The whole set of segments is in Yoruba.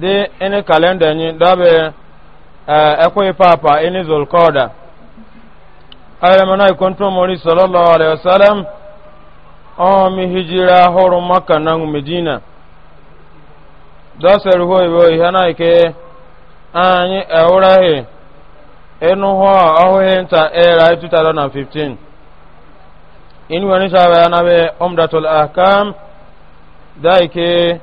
dị ịnị kalenda anyị dọbe ekwe papa ịnị zolkọda ayọrọmọna ikontu mori sallallahu alaihi wasallam ọ mi hijira ahụrụ maka na medina dọsere hụ iwe ihe na ike anyị ewuraghị ịnụ hụ ọhụghị nta era 2015 ịnụ wani shabe na be umdatul ahkam da ike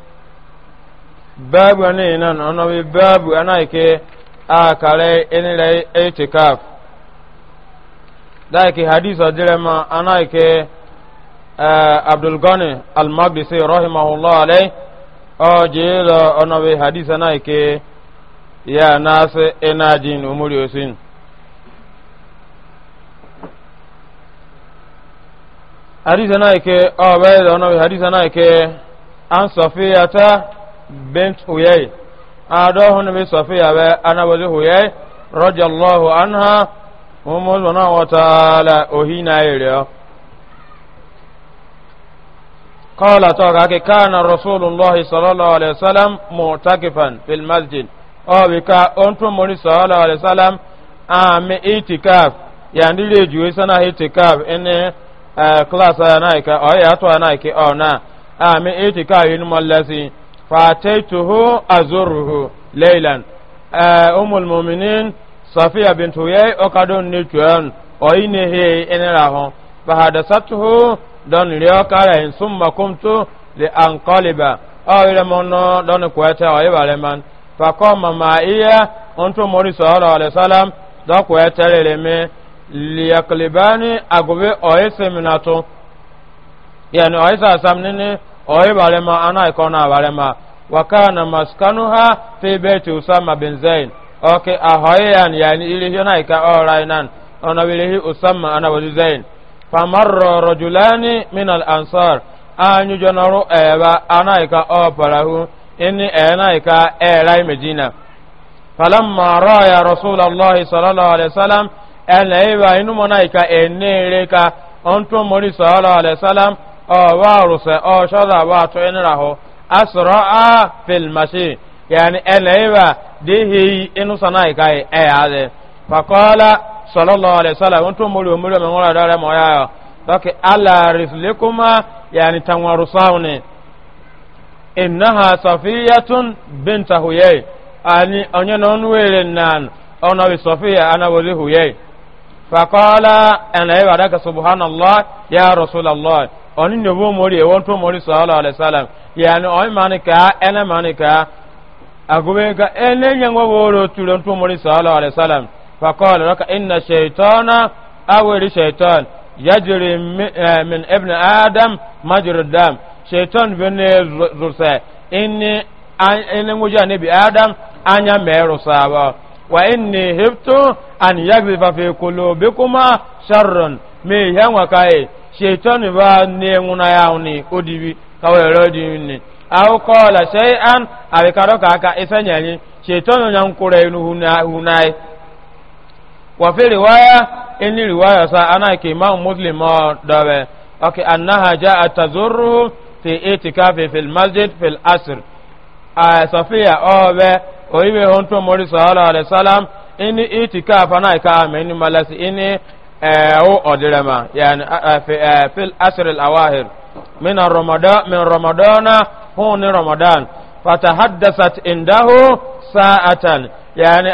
babu ne nan ono bi babu ana ke a kare inire itikaf da ke hadisa direma ana ke abdul gani al-maqdisi rahimahullah alai o je lo ono bi hadisa na ke ya nasu ina jin umuri osin hadisa na ke o bai da ono bi hadisa na ke an safiyata bint huyai ado hun bi safiya be anabazi huyai radiyallahu anha muhammad subhanahu wa ta'ala ohina ire قال توقع كان رسول الله صلى الله عليه وسلم معتكفا في المسجد أو بكا أنتم من صلى الله عليه وسلم أم اعتكاف يعني لي جويسنا اعتكاف إن كلاس نايكا أو ياتوا نايكا أو نا أم اعتكاف إن ملسي فأتيته أزوره ليلا أم المؤمنين صفية بنت وياي أكادون نيتوان أينه إنراه فحدثته دون ليوكا ثم قمت لأنقلب أو إلى منو دون كويتا ويبا لمن فقام معي أنتم موري صلى الله عليه وسلم دون كويتا للمي ليقلباني أقوي أويس مناتو يعني أويس أسامنيني oyi barema ana ikona barema wakana maskanuha fi beti usama bin zain oke ahoyan yani ilihyo na ika orainan ona wilihi usama ana wazi zain famarro rajulani min al ansar anyu jonaru eba ana ika opalahu inni ena ika elai medina falamma raya rasulullah sallallahu alaihi wasallam ena iba inu mona ika enere ka onto mori sallallahu alaihi wasallam ọba rụsị ọshọda aba atọ ịnara hụ asọrọ a filmashi yani ẹlẹ́yìnbá déhe inúsànà ìkáyì ẹ̀yà adé fakọ́lá sọlọ́lọ́ alẹ́sọ́lá wọ́n tó mórí omúrí omi wọ́n rẹ̀ mọ́ yá yọ lọ́kì alárìsìlékúmá yani tanwaru sáwùnì ìnáhà sọfíyàtún bínta huyẹ́ àní ọ̀nyẹ́nà onúwèrè nàn ọ̀nà bí sọfíyà anáwòlé huyẹ́ fakọ́lá ẹ̀lẹ́yìnbá dákà subhanallah yá rasulallah oni nobo mori e wonto mori sallallahu alaihi wasallam yani o mani ka ene mani ka agobe ka ene nyangwa woro tulo to mori sallallahu alaihi wasallam fa qala laka inna shaytana awri eh, min ibn adam majra dam shaytan bene zursa inni ene nguja nabi adam anya meru sawa wa inni hibtu an yagzifa fi qulubikuma sharran mee ihe nwa ka e shetani ba ne nwuna ya ni odibi ka were di ni aw qala shay'an abi karo ka aka isanya e ni shetani nya nkure inu hunai e. wa fi riwaya in riwaya sa ana ke imam muslim ma dawe okay annaha ja'at tazurru fi itikafi fil masjid fil asr a safiya obe oyibe honto mori sallallahu alaihi wasallam ini itikaf ana ka meni malasi ini او ادرما يعني في في الاسر الاواخر من رمضان من رمضان هون رمضان فتحدثت عنده ساعة يعني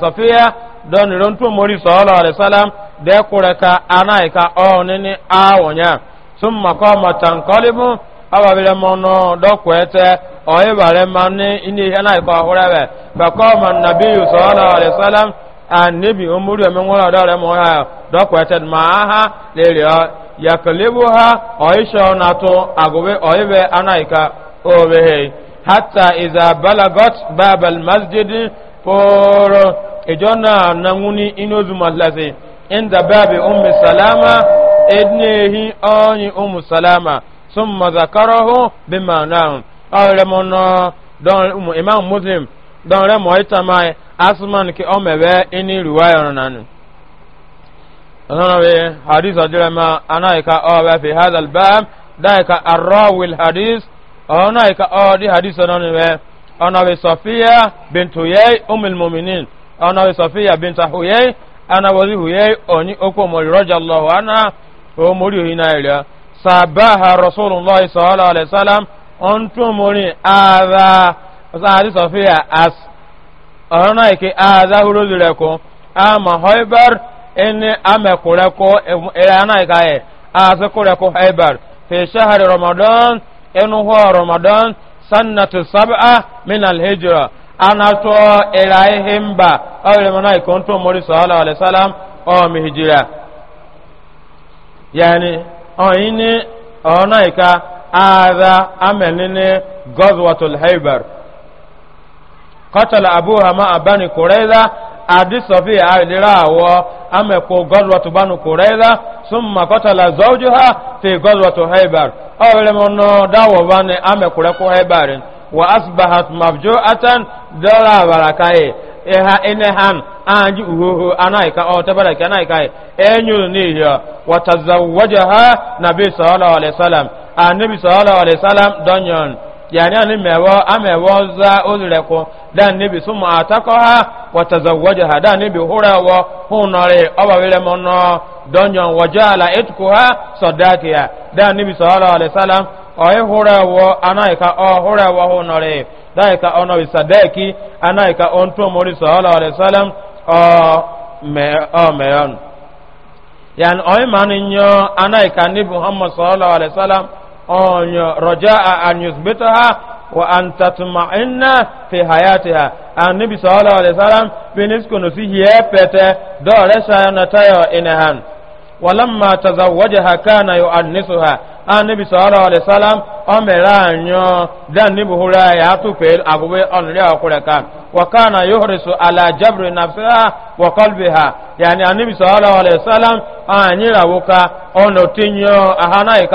صفية دون رنتو موري صلى الله عليه وسلم ديكورك انايكا او نيني اونيا ثم قام تنقلب ababere mɔnɔ dɔkɔɛtɛ ɔyɛ bare ma ni ini hɛnɛ ikɔ ahorɛ bɛ fɛ kɔma nabiyu sɔɔla alayisalam annabi umuri o min wala dare mo ha do ko eted ma ha le le ya kalebu ha o isha na to agobe o ibe anaika o be he hatta iza balagat bab al masjid por ejona nanguni inozu maslaze inda babi ummi salama ednehi onyi ummu salama summa zakarahu bima na'am awre mono don imam muslim don re mo itamae asman ke ome be ini riwaya no nanu anawe hadith ajira ma anaika o ba fi hadha al bab daika arrawi al hadith anaika o di hadith nanu be anawe safiya bint huyay um al mu'minin anawe safiya bint huyay ana wazi huyay oni oko mo radiyallahu anha o mori hina ila sabaha rasulullah sallallahu alaihi wasallam ontu mori ava sa hadith safiya as ọ̀rọ̀nà a àádáhúródìrẹ́kọ́ àmà hoibar ẹni àmẹ́kùrẹ́kọ́ ìrànà ìkà ẹ̀ àzẹ́kùrẹ́kọ́ hoibar fèṣẹ́hàrì ramadan ẹnuhọ́ ramadan sannatu sab'a min alhijra anato ilahi e mba ọ̀rẹ́ mọ́nà ìkọ́ tó mọ́rí sọ́ọ́lá alẹ́sálám ọ̀mì hijira yẹni ọ̀yìn ní ọ̀rọ̀nà ìkà àádá amẹ́ni ní gọ́zùwàtò hoibar kọtala abuha ma abani kureza adi sofi a ilera awọ amẹkọ gọdwọtụ banu kureza summa kọtala zọju ha fi gọdwọtụ haibar ọwere m nọ dawọ bani amẹkụrẹkụ haibar wa asbahat mabjo atan dọla abara kaye iha ine han anji ya wa tazawwajaha nabi sallallahu alaihi wasallam annabi sallallahu alaihi wasallam donyon yani ani mɛwɔ amɛwɔ za ozure dan ne bi sumu ha watazawwaja ha dan ne bi hura wɔ hunɔri ɔba wele mɔ ala etuku ha sɔdaki dan ne bi sɔɔlɔ alayisalam ɔye hura wɔ anayi ka ɔ hura wɔ hunɔri dayi ika ɔnɔ bi sadaki anayi ka ɔntumori sɔɔlɔ yani أن رجاء أن يثبتها وأن تطمئن في حياتها النبي صلى الله عليه وسلم بنسكو نسيه يبت دور سيانتايا إنهان ولما تزوجها كان يؤنسها النبي صلى الله عليه وسلم أمران دان نبهلا يعطفل أقوي أنريا أقولك وكان يحرص على جبر نفسها وقلبها يعني النبي صلى الله عليه وسلم أن يلوك أن تنيو أهانيك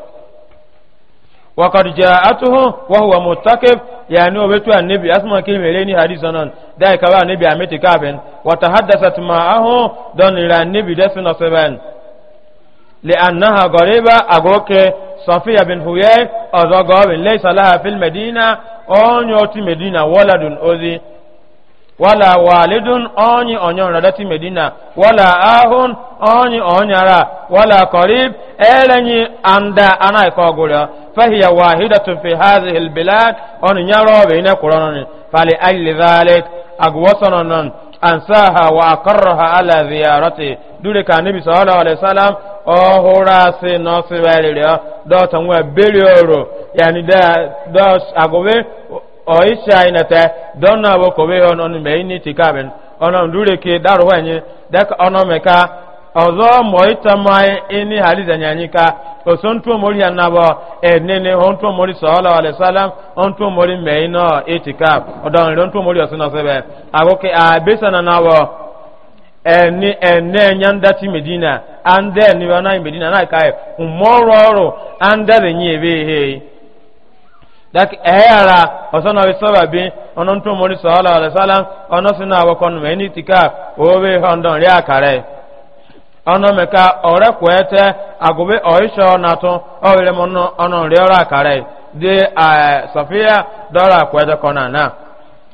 وقد جاءته وهو متكف يعني وبتو النبي اسمع كلمه لين حديث نان ده كبا النبي امتي كابن وتحدثت معه دون الى النبي دسنا سبان لانها غريبه اغوك صفيه بن هويه ازغاب ليس لها في المدينه اون يوتي مدينه ولد اوزي wala walidun onyi onyon radati medina wala ahun onyi onyara wala qarib elenyi anda ana ko gura fahiya wahidatun fi hadhihi albilad on nyaro be ne qur'anani fali ajli dhalik agwasanan ansaha wa aqarraha ala ziyarati dure ka nabi sallallahu alaihi wasallam o hora se no se bere do tan wa yani da do agobe oisha inete don na bo ko be onon me ni tikaben onon dure ke daru wanye dek onomeka ọzọ mọ̀ítọ́ máa ní omori àyíká ị nọ ànábọ̀ ẹ̀ẹ́nẹ́ni òǹtò mórí sọ́ọ́lọ́ omori òǹtò mórí mẹ́yìn náà ètìká ọ̀dọ̀rin na mórí ọ̀sán ọ̀sẹ̀bẹ̀ àgókè àbẹ́sàn ànábọ̀ ẹ̀ẹ́ni ẹ̀ẹ́nẹ́nyándátì Medina, àndẹ́ẹ̀ni wọn náà mẹ́dínà náà káyẹ̀ mọ́rọ̀ọ̀rọ̀ àndẹ́rẹ̀yìn dak ehara osono bi sababi onon to mori sala alaihi wasallam ono sina wa kon me ni tika owe hondo ri akare ono me ka ore kwete agobe oisho na to owele mono ono ri ora akare de eh, sofia dora kwete kona na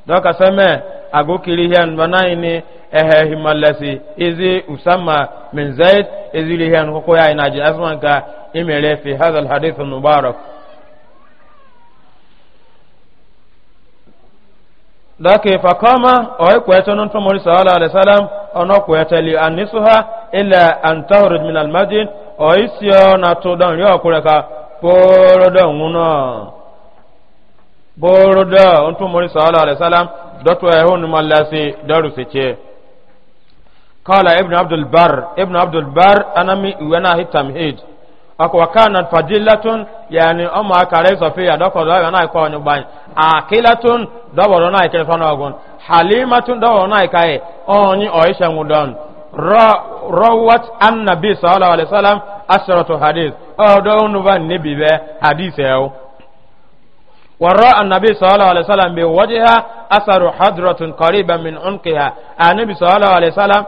doka seme agokiri hen banai ni ehe himalasi izi usama min zaid izi lihen ko ko ya ina ji asman ka imere fi hadha al hadith mubarak dake fakama oy kwete non to mori sallallahu alaihi wasallam ono kwete li anisuha illa an tahruj min al masjid oy sio na to don yo kureka boro do nguno boro do on to mori sallallahu alaihi wasallam doto ibn abdul bar ibn abdul bar anami wana hitamhid ako fadilatun yani o ma kare safiya doko do yana ko nyu ban akilatun do boro na ikere fana halimatun do boro na ikaye oni oisha ngudon rawat annabi sallallahu alaihi wasallam asharatu hadith o do hadis ban nabi be hadith yawo وراء النبي صلى الله عليه وسلم بوجهها أثر حضرة قريبة من عنقها النبي صلى الله عليه وسلم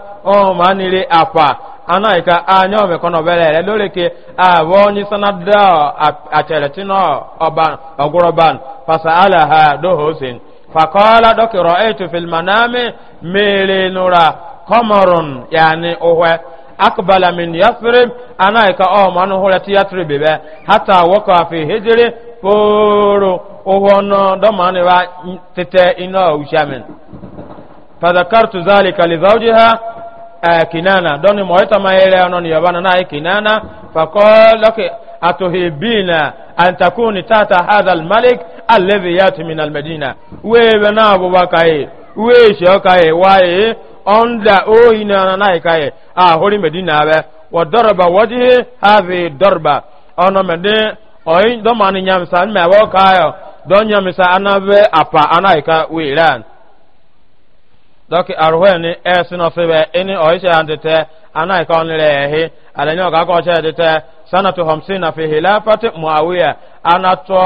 anaika anyo me kono belele lole ke awoni sanada aceletina oban ogoroban fasalaha do hosin fakala doki ra'aytu e fil manami mele nura qamarun yani ohwe akbala min yathrib anaika o manu holati yathrib hata hatta waqa fi hijri furu ohono do mani wa tete ina ushamin فذكرت ذلك لزوجها Eh, kinana dɔnni mɔɔ tama yɛrɛ yɛ nɔni yaba nana ye kinana fakɔlɔki atuhibina antakuni tata hadal malik alebi yati min almedina wee bɛ na abuba ka ye wee sɛ ka ye waaye ɔnda oyi nana na ye ka ye a ah, hori medina bɛ wa dɔrɔba wajihi hafi dɔrɔba ɔnɔ mɛdi ɔyi dɔmani nyamisa mɛ awɔ kaayɔ dɔn nyamisa ana bɛ apa ana ye ka weeran dɔki aruhɛ ni ɛɛsi nɔsibɛ ɛni ɔyisɛ yan tɛtɛ ana ikaw ni lɛɛhi ale ni ɔka kɔɔsɛ tɛtɛ sanatu hamsi nafi hilafati muawiya ana tɔ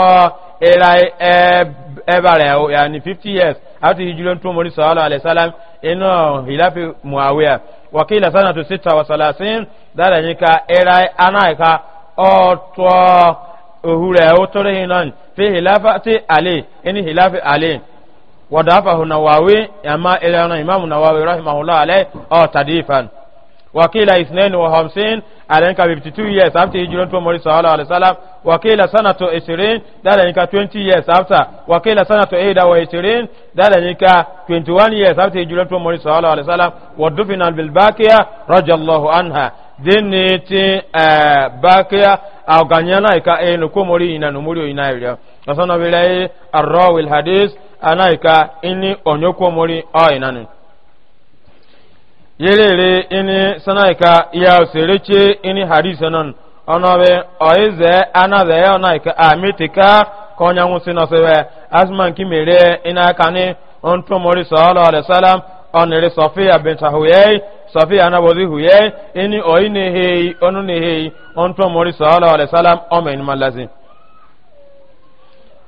ira ɛɛ ɛbɛrɛ o yanni fifty years ati hijilen tun mori sɔɔlɔ alayisalam inu hilafi muawiya wakila sanatu sita wasalasin dala ni ka ira ana ika ɔtɔ ohurɛ o tori hinan fi hilafati ale ɛni hilafi ale. وضعفه النووي أما إلى الإمام النووي رحمه الله عليه أو تديفا وكيل 52 عليك ب 52 years after هجرة محمد صلى الله عليه وسلم وكيل سنة 20 ذلك 20 years after وكيل سنة 21 ذلك 21 years after هجرة محمد صلى الله عليه وسلم ودفن بالباكية رضي الله عنها دينيتي باكية أو غنيانا إكا إنكم مرينا نمريو إنا إليو وصنع بالله الراوي الحديث anaika ini onyoko mori oinanu yelele ini sanaika ya osereche ini harisanan onobe oize anaze onaika amitika konya ngusi nosewe asman kimere ina kani onto mori sallallahu alaihi wasallam onere sofia bint huyay sofia anabozi huyay ini oine hei onu ne hei onto mori sallallahu alaihi wasallam omen malazim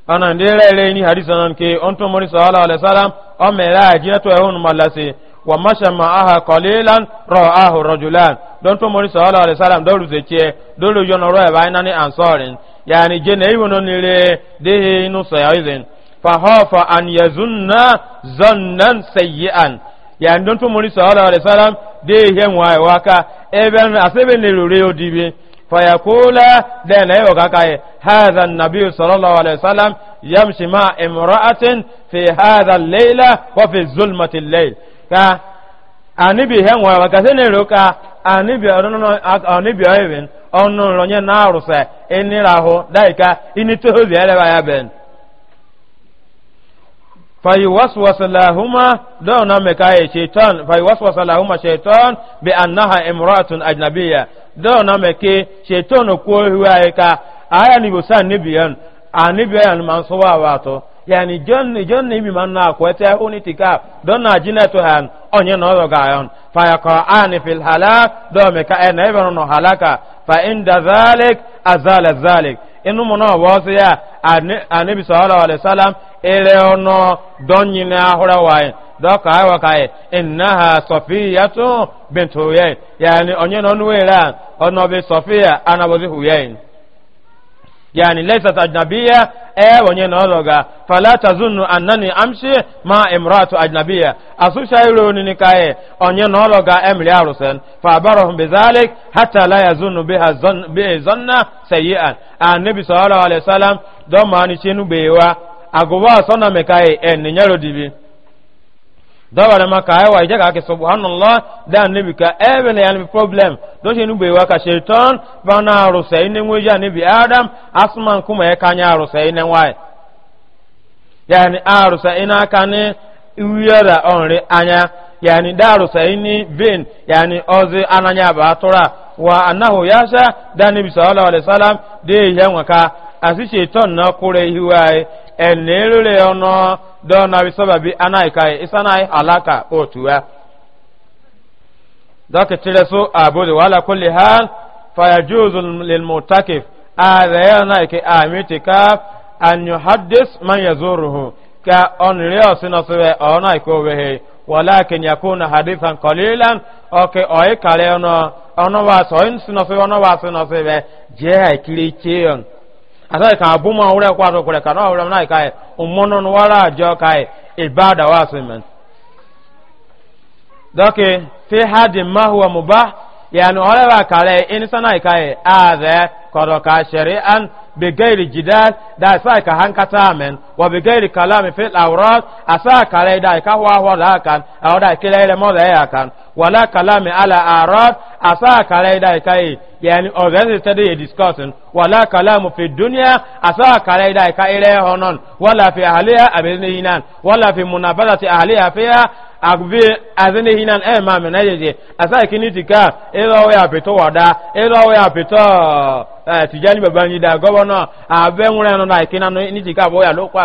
ana ndera ile ni hadisa nan ke onto mori sallallahu alaihi wasallam o mera ajina to ehun malase wa masha ma'aha qalilan ra'ahu rajulan don to mori sallallahu alaihi wasallam do ruze che do lo yono ro e ba ina ni ansorin yani je ne iwono ni re de inu sayizen fa hafa an yazunna zannan sayyi'an yani don to mori sallallahu alaihi wasallam de hen wa waka eben asebe ne rore odibe fayakula den ayo kakaye hadha an-nabiy sallallahu alaihi wasallam yamshi ma imra'atin fi hadha al-layla wa fi zulmati al-layl ka anibi hen wa wa kasene roka anibi onono anibi ayen onno ronye na arusa eniraho daika ini tohozi ele ba ya ben فيوسوس لهما دون مكاي شيطان فيوسوس لهما شيطان بأنها امرأة أجنبية دون مكي شيطان كوه وايكا آية نبوسان نبيان anibiyan man so wa wato yani jon jon ni bi man na ko ta oni tika don na to han onye no ro ga yon fa yaqra'an fil halak do me ka en e no halaka fa inda zalik azala zalik inu mo no wa so ya anibi sallallahu alaihi ele ono donyi na ahura waye doka awa kai innaha safiyatu bintu huyay yani onye no nuwera ono bi safiya anabozi huyay yani laysat ajnabiyya e onye na ologa fala tazunnu annani amshi ma imratu ajnabiyya asushairo ni kai onye na ologa emri arusen fa barahum bizalik hatta la yazunnu biha zanna bi zanna sayyi'an annabi sallallahu alaihi wasallam do mani agụba na mekai en nyaro dibi dọbara maka awa e, ije ka ake subhanallah dan nebi ka e, ebe na ya yan problem do se nugbe wa ka shaitan ba na arusa ine nweja nebi adam asụma nkume ya ka kanya arusa ine nwai yani arusa ina aka ni wiyara onri anya ya da yani darusa ini ya yani ozi ananya ba atura wa annahu yasha dan nebi sallallahu alaihi wasallam dị yanwa ka asi shaitan na ọkụrụ kure hiwaye enelule ono do na bisababi anai kai isanai alaka otuwa eh. dɔki tire so abudu wala kulli hal fayajuzu lil mutakif aadaya na ike amiti ka an yuhaddis man yazuruhu ka on riyo sino sibe ona ike wehe walakin yakuna hadithan qalilan oke oy kale ono ono wa so in sino sibe ono wa sino sibe je ha kiri cheyon asa ka abuma wura kwa to kure kana wura na kai ummono no wala jo kai ibada wasimen doke fi hadi ma huwa mubah yani wala ba kale insana kai aze koro ka shari'an bi gairi jidal da sai ka hankata amen وبغير كلام في الأوراق أسا كلا إذا كهوا هو لا كان أو دا كلا إلى ماذا كان ولا كلام على أعراض أسا كلا إذا كاي يعني أو ذا تدي discussing ولا كلام في الدنيا أسا كلا إذا كاي إلى هنون ولا في أهلها أبنهنان ولا في منافسة أهلها فيها agbe azini hinan e ma me na yeje asa kini tika ilo we apeto wada ilo we apeto eh tijani babani da governor abe nwure no na ikina no ni tika bo ya lokwa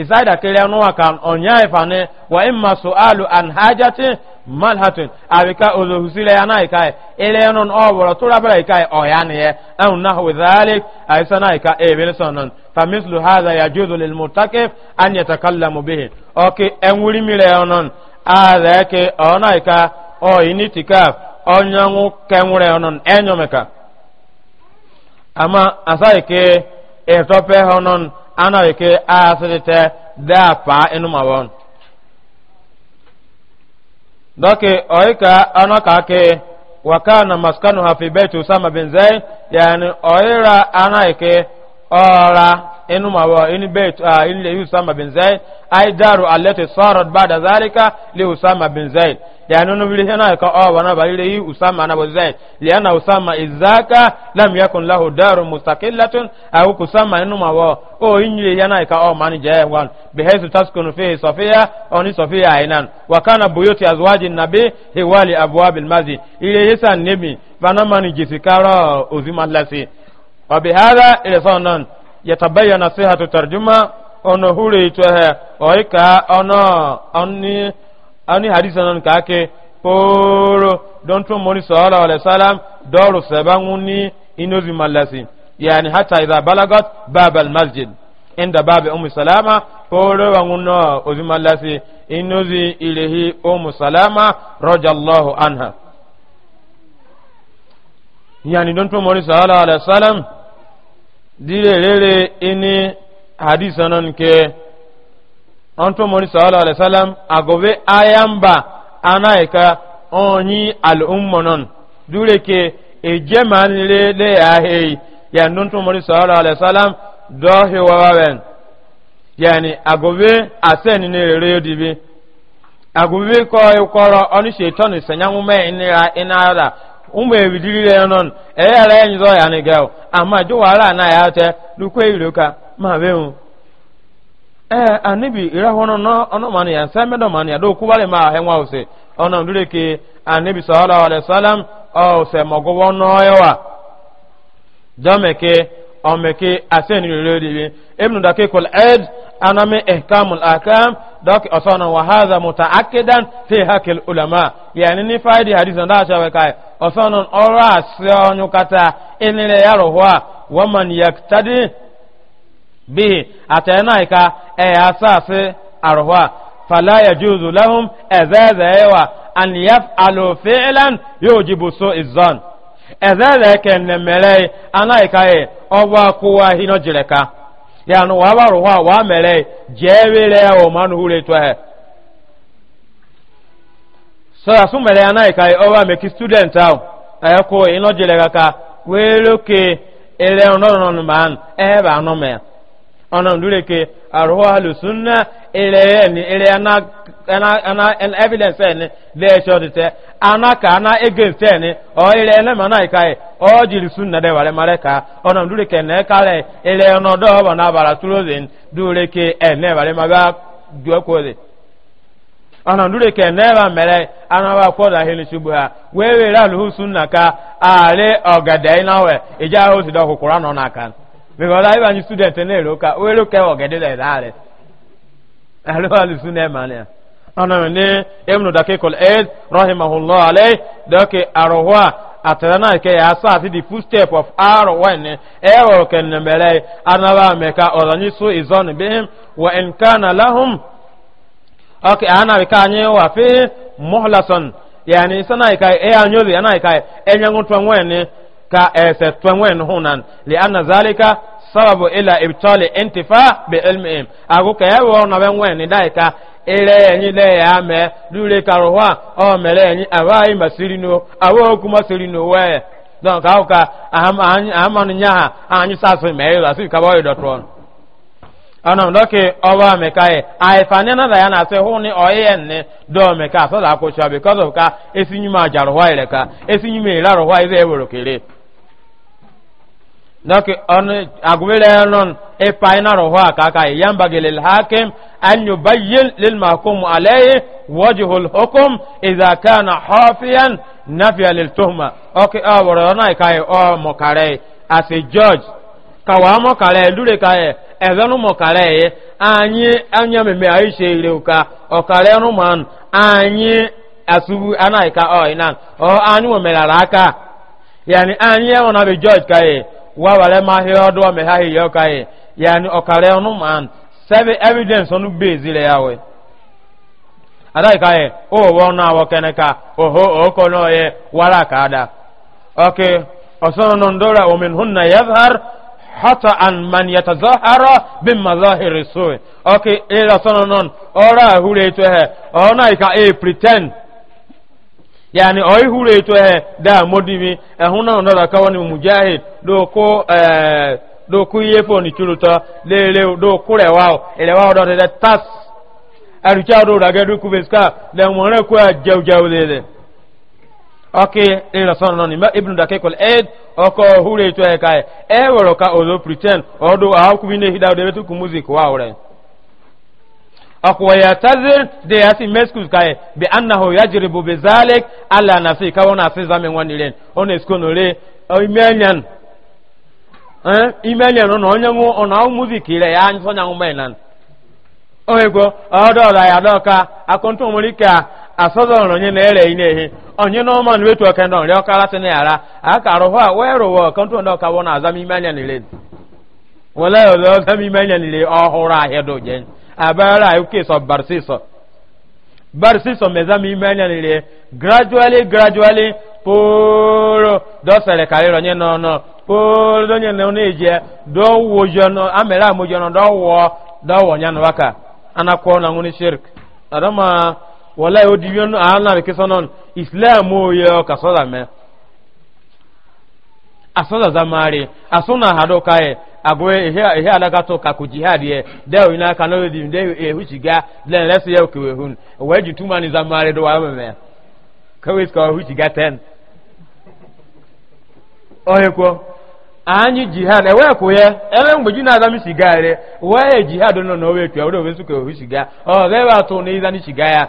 isaida kele nuwa kan onya ifane wa imma su'alu an hajati malhatun abika uzuhusile yana ikai e, ele non oboro tura bala ikai oyani e, ye aw nahwu dhalik aisana ika ebele sonon fa mislu hadha yajuzu lil mutakif an yatakallamu bihi okay enwuri mire onon ada ke ona ika o initikaf onyangu kenwure onon enyomeka ama asaike etope onon ana wike asidite da pa inu mawon doke oika ana kake wa kana maskanu fi baiti usama bin zaid yani oira ana ike ora inu mawa in bait a in li usama bin zaid ay daru allati sarat ba'da zalika li usama bin zaid yani no bili hena ka o wana bali li usama na zaid li anna usama izaka lam yakun lahu daru mustaqillatun aw kusama inu mawa o in li hena ka o mani je wan bi haythu taskunu fihi safiya oni safiya ainan wa kana buyuti azwaji nabi hiwali abwabil mazi ile yesa nemi bana mani jisikara ozima lasi wa bihadha ila sanan yatabayana sihatu tarjuma ono hure ito he oika ono oni ani hadisa non kake poro don tun mori sallallahu alaihi wasallam doru sabanguni inozi malasi yani hata idha balagat bab al masjid inda bab ummu salama poro wanguno ozi malasi inozi ilehi ummu salama radiyallahu anha yani don tun mori sallallahu alaihi dire rere ini hadis nan ke anto mori sallallahu alaihi wasallam agobe ayamba anaika onyi al ummonon dure ke ejeman le le ahe ya nonto mori sallallahu alaihi wasallam dohi wawen yani agobe asen ni rere dibi agobe ko ikoro e oni shetan senyanwu me ni ra inara ụmụ ebidiri ya nọ eyara ya nyizọ ya nịga ama jụwara ana ya ate lukwe iroka ma benwu ee anibi n'ọnụmanụ ya nsa mmedo manụ ya do ma ahụ enwa ke anibi sọọla ọla salam ọsẹ mọgọwọ n'ọyọwa jọmeke ọmeke asen mutaakidan fi hakil ulama ni faidi hadithan ọsọnụ ọrụ asị ọnyụ kata ịnịrị ya rụhụ a waman yaktadi bihi atena ika ẹ asa asị arụhụ a fala yajuzu lahum ezezewa an yaf'alu fi'lan yujibu su'izan ezeze kenne mere anaika e ọwa kuwa hino jireka yanu wa baruwa wa mere jewire o manuhure to he so asumere ya naika owa meki student ahụ ayako inojere ka were oke ele ọnọrọ man e ebe anọ mee ọnọ ndureke arụhụ alusunna ele ni ele ana ana an evidence ni le sho ana ka ana against ni o ile o jiri sunna de mare ka ne na bara turozin ene ana ndure ke neba mere ana ba ko da ha shubha wewe ra lu sunna ka ale ogade nawe ija ho si do qur'an ona kan be go da ibani student ne ro ka we ro ke ogade da dare alo alu sunna mane ana ne ibnu daqiqul aid rahimahullah alay dake arwa atana ke ya sa ti the full step of our when ewo ken mere ana ba me ka odanyi su izon bihim wa in kana lahum ok ana bi anyi wa fi muhlason yani sana ka e anyoli ana ka enyangu twanwene ka ese twanwene hunan li anna zalika sababu ila ibtali intifa bi ilmihim ago ka yawo na dai ka enyi le ya me lure karuwa o mere enyi awai masirino awo kuma we ka ka nya anyi sasu me yo asu ka boy dotron anam dɔke ọba meka ye ayefane na ya na se ho ne ɔyɛ ne dɔɔ meka so da ko sua because of ka esinyi nyuma ajaro hɔ ayɛrɛ ka esi nyuma yɛrɛ arɔ hɔ ayɛ bɛ ewuro kele dɔke ɔne agobele ɛnɔn epa ina rɔ hɔ akaka ye yamba gele hakim anyo bayin lil mahkum alayhi wajhu al hukm idha kana hafiyan nafiya lil tuhma oke aworo na kai o mokare as a judge kawamo kare dure kae ezanu mo kare anyi anya meme aisha ire uka o kare no man anyi asubu anaika o ina o anyi melara aka yani anyi e wona be judge kae wa wale ma he odo me ha he kae yani o kare man seven evidence onu base yawe o wo na wo keneka oho o ko no ye okay osono ndora o min hunna hata an man yatazahara bin mazahiri so okay e la sono non ora hure to he ona ka e pretend yani oi hure to he da modibi e huna no da kawani mujahid do ko eh do ku yepo ni le lele do kure wao ele wao do de tas arucha do da gedu kubeska le mo re ku ajau jau lele oke ira son non ma ibnu da ed oko hure to e kai e ka ozo pretend ọdụ a ku hida de betu ku music wa ore ya yatazir de yasi meskus kai bi ya ala ka wona se zame wani o onye ngu ya anso nyangu mainan oyego odo la ya ọrụ onye na-ere ihe ehi onye na ọma nwetu oke ndị ọrịa ọka lasị n'ara aka arụhụ a wee rụwa kọntrol ndị ọkawọ na azam ime anya nile wele ọzọ azam ime anya nile ọhụrụ ahịa doje abara ahụ kesọ barsisọ barsisọ mezam ime anya nile gradually gradually poro dọsere karịrị onye nọ nọ poro onye na na-eje dọwụjọ amere amụjọ nọ dọwụọ dọwụ onye ka anakwọ na nwunye shirk adọma wala o diyon ana be kisonon islam o yo ka soda me asoda zamari asuna hado kai agwe ehe ehe alaka to ka jihad ye de o ina ka di de e hu chiga le lesu ye we ji tuma ni zamari do wa me ka we ka hu chiga ten ohe anyị jihad ewe kwụ ya ebe wee jihad na ọ ya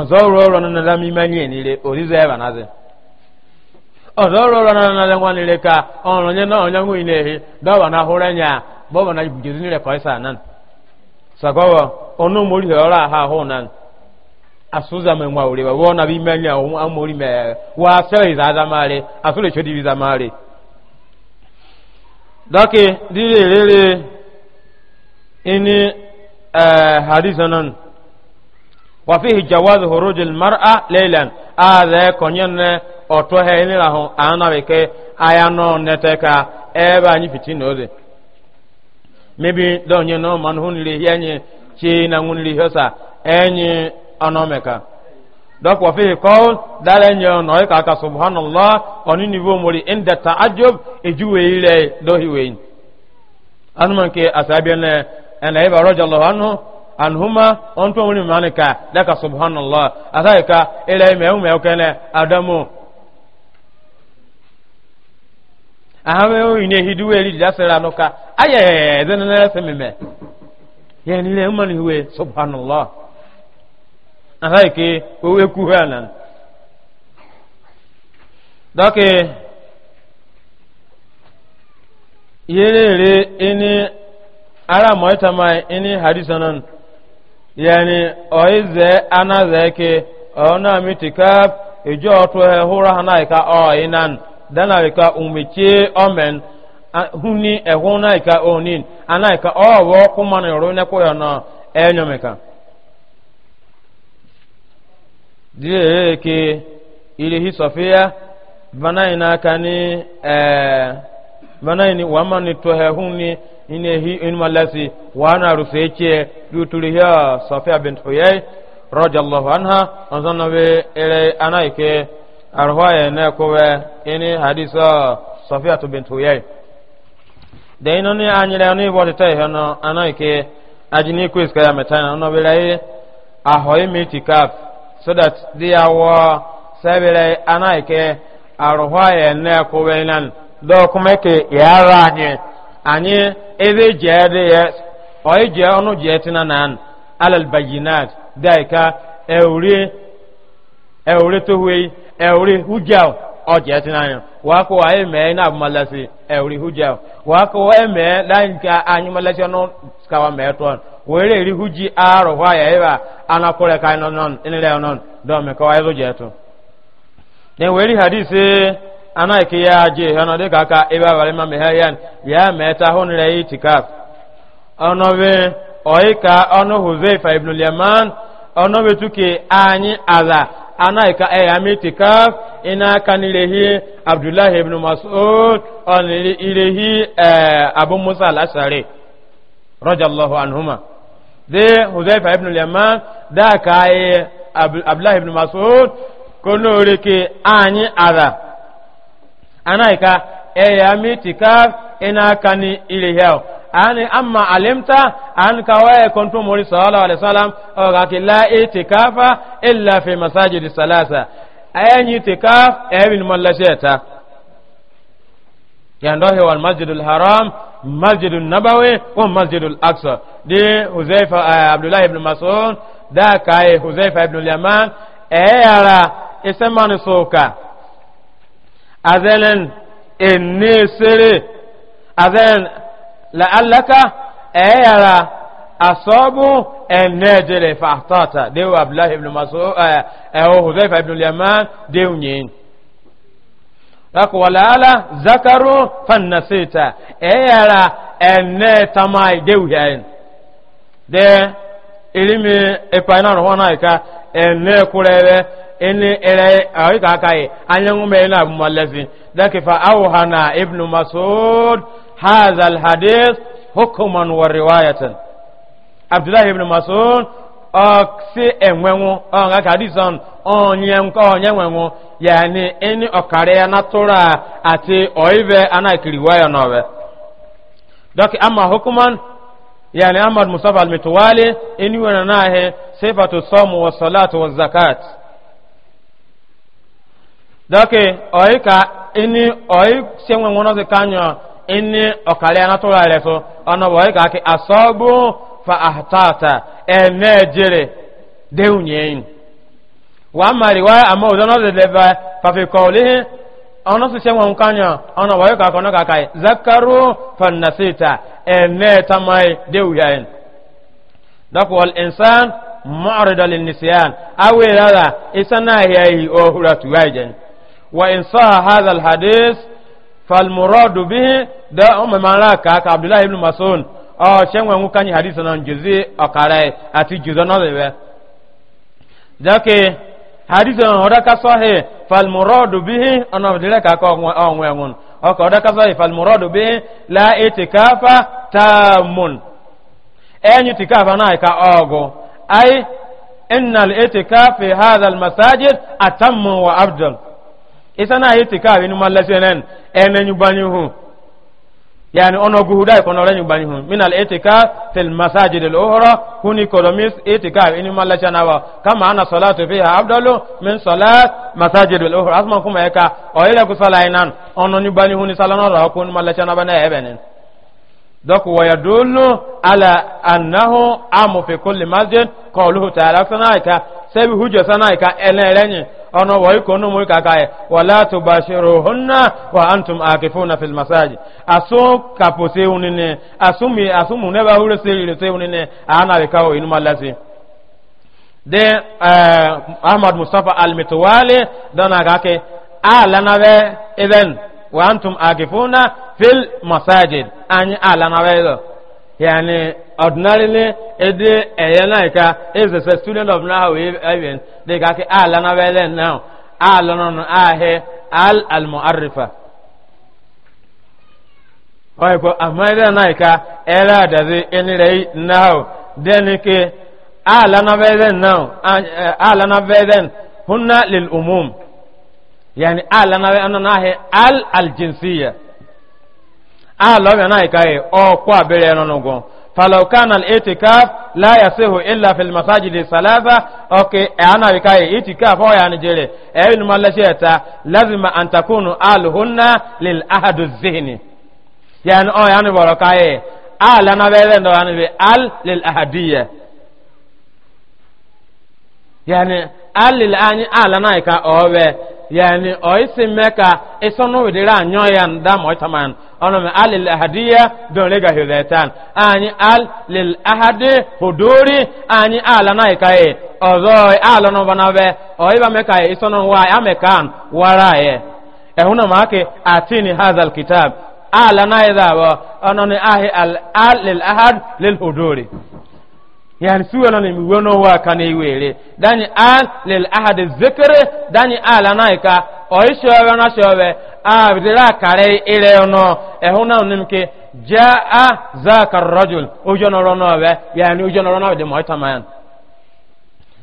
ọzọ ọrụ ọrụ na nala mime nye nile ozizo ebe nazi ọzọ ọrụ ọrụ na nala nwa nile ka ọrụ onye na onye nwe na ehi dọba na hụrụ enya bọba na ibujezi nile ka ọsa nan sagọwọ ọnụ mori ọrụ aha ahụ nan asuza me nwa ure wọ na bi menya ọmụ amori me wa sere iza azamare asule chodi iza mare dọki dile lele ini eh hadisanan وفيه جواز خروج المرأة ليلا هذا كونين a إن له أنا بك أيانو نتكا إبا نفتين أوزي maybe don you know man hun li na hun li hosa enye anomeka donc wa fihi qawl dala nyo no e ka ka subhanallah oni nivo mori inda ta'ajjub ejuwe ile dohi wein anman ke asabiyan e ana anhuma on to mun mane ka daga subhanallah asai ka ila ime me okene adamu ahame o ine hiduwe ri dasara no ka aye zene na se meme ye ni le man huwe subhanallah asai ke o we ku hanan dake yere ere ini ara moita mai ini hadisanan yani oize anazeke ona mitikab ijo otu he hura hana ka oinan dana ka umiche omen huni ehuna ka onin anaika owo kuma na yoru ne koyo na enyomeka dire ke ile hi sofia banaina kani eh banaini wamani to he huni inehi inmalasi wana ruseche yuturiya safiya bint anha we ere na kowe ini hadisa safiya bint huyay da ino ni anyere ni bodi na hono anaike ajini quiz kaya metana no belai ahoy mitikaf so that they are sabere anaike arwaye na kowe nan do kuma ke yara nye anyị ebe jee ya ọ jee ọnụ ji etina na alal bayinat dai ka eure eure tohuwe eure hujau ọ jee tina anya wako wa eme na abụmalasi eure hujau wako wa eme la nka anyị malasi ọnụ kawa metọ were ri huji aro wa ya eba anakore ka non non inile non do me ko ayo jee to hadisi ana ke ya je hano de kaka ebe wale ma me hayan ya meta hon re itikaf ono be oika ono huzaifa ibn al-yaman ono be tuke anyi ala ana ka e ya mitikaf ina kanilehi abdullah ibn mas'ud onili ilehi e, abu musa al-asari radiyallahu anhuma de huzaifa ibn al-yaman da ka e abdullah ibn mas'ud kono reke anyi ala anaika eya mitikaf ina kani ile hel ani amma alimta an kawai e kuntu muri sallallahu alaihi wasallam o ga ki la itikafa illa fi masajidi salasa ayan e itikaf ebin mallasheta yando he wal masjidul haram masjidun nabawi wa masjidul aqsa de huzaifa uh, abdullah ibn mas'ud da kai e huzaifa ibn al-yaman eyara isemani soka azenen enne sere la alaka ayara asabu enne jere fahtata de wa ibn mas'ud eh o huzaifa ibn al-yaman de unyin lako walala zakaru fannasita ayara enne tamai de uhin de ilimi epaina ro na ka enne kurebe ene ere awi ka kai anyangu me na mallasi dake fa awhana ibn mas'ud hadha al hadith hukman wa riwayatan abdullah ibn mas'ud oksi enwenwu onga kadison onye nko onye nwenwu yani eni okare na tura ati oive ana wayo nowe doki amma hukman yani ahmad mustafa al-mitwali eni wana nahe sifatu samu wa salatu wa zakat dɔke ɔyi ka ini ɔyi sɛŋɛ ŋɔnɔ ti ka nyɔ ini ɔkaliya na tora yɛrɛ so ɔnɔ ɔyi ka ke asɔbu fa ahataata ɛnɛ jere dewu nyɛɛyin wa mari wa ama o zɔnɔ de lɛbɛ fafi kɔɔlihi ɔnɔ ti sɛŋɛ ka nyɔ ɔnɔ ɔyi ka kɔnɔ ka ka yi zakaru fa nasita ɛnɛ tamayi dewu yɛɛyin dɔke wɔl insan mɔɔri dɔ nisiyan awi yɛrɛ la isa tuwa yi jɛni. وإن صح هذا الحديث فالمراد به ده أم ملاك عبد الله بن مسعود أو شنو وين كان حديث عن جزء أكاري أتي جزء نذبه ذاك حديث هذا صحيح فالمراد به أن بدي لك أكو أو وين أكو فالمراد به لا إتكاف تام أي إتكاف أنا كأوغو أي إن الإتكاف في هذا المساجد أتم وأفضل isana ayi ti kaa inu malese nen ene nyubani hu yani ono guhuda ikono re nyubani hu min al itikaf fil masajid al ukhra huni kodomis itikaf inu malese nawa kama ana salatu fiha abdalu min salat masajid al ukhra asma kuma eka o ku sala inan ono nyubani hu ni sala no ra ko ni malese na bana ebenen dɔk wayadullu ala annahu amu fi kulli masjid qawluhu ta'ala sanaika sabi hujja sanaika elere nyi ọ̀nà wọ̀nyí kò ní mú kàkà yẹ wàlá tó bá ṣòro hona wà á tún àkẹ́fọ́ na fìlì masáàjì àsún kàpò sí ìhun nínú àsún mi àsún nẹ́bàá wúlò sí ìrìn sí ìhun nínú àánà rẹ̀ káwọ́ inú máa lásì. Eh, ahmad mustapha almitowale dọ́nà kàkẹ́ àlànàwẹ́ ìdẹ́n wà á tún àkẹ́fọ́ na fìlì masáàjì a àlànàwẹ́ yìí yani ordinarily ede eyenaika is a student of nahaw even they ga ke ala ah, na wele now ala ah, no no ah, ahe al al muarrifa oy ko amaira naika era da ze enire now then ke ala na wele now ala eh, na wele hunna lil umum yani ala na wele na ahe al al alọ́bẹ̀ náà ìkáyẹ̀ ọkọ̀ abẹ́rẹ́ ẹnunugọ falaukanal itikaf láyàsíhù ilà fìlmàsájìdì sàlẹ́sà ọkẹ̀ ẹ̀hánà ìkáyẹ̀ itikaf ọ̀yà nijere ẹ̀yìn e ní malẹ́ṣẹ́ ẹ̀ta lázìmà àǹtakùnù alùhùnà lil ahadu zihni yẹn ọ̀yà ní bọ̀rọ̀ káyẹ̀ alànàbẹ̀rẹ̀ ndọ̀wà níbi al lil ahadiyẹ yẹn al lil anyi na ono me al lil ahadiya don lega hiletan ani al lil ahadi huduri ani ala na ikaye ozo ala no banabe o iba me kai isono wa amekan waraye ehuna make atini hadhal kitab ala na idaba ono ni ahi al al lil ahad lil huduri yani suwe na nemi wono wa kana iwere dani al lil abidira kare ire ono ehuna nimke jaa zaka rajul ujono rono we. yani ujono rono de moita man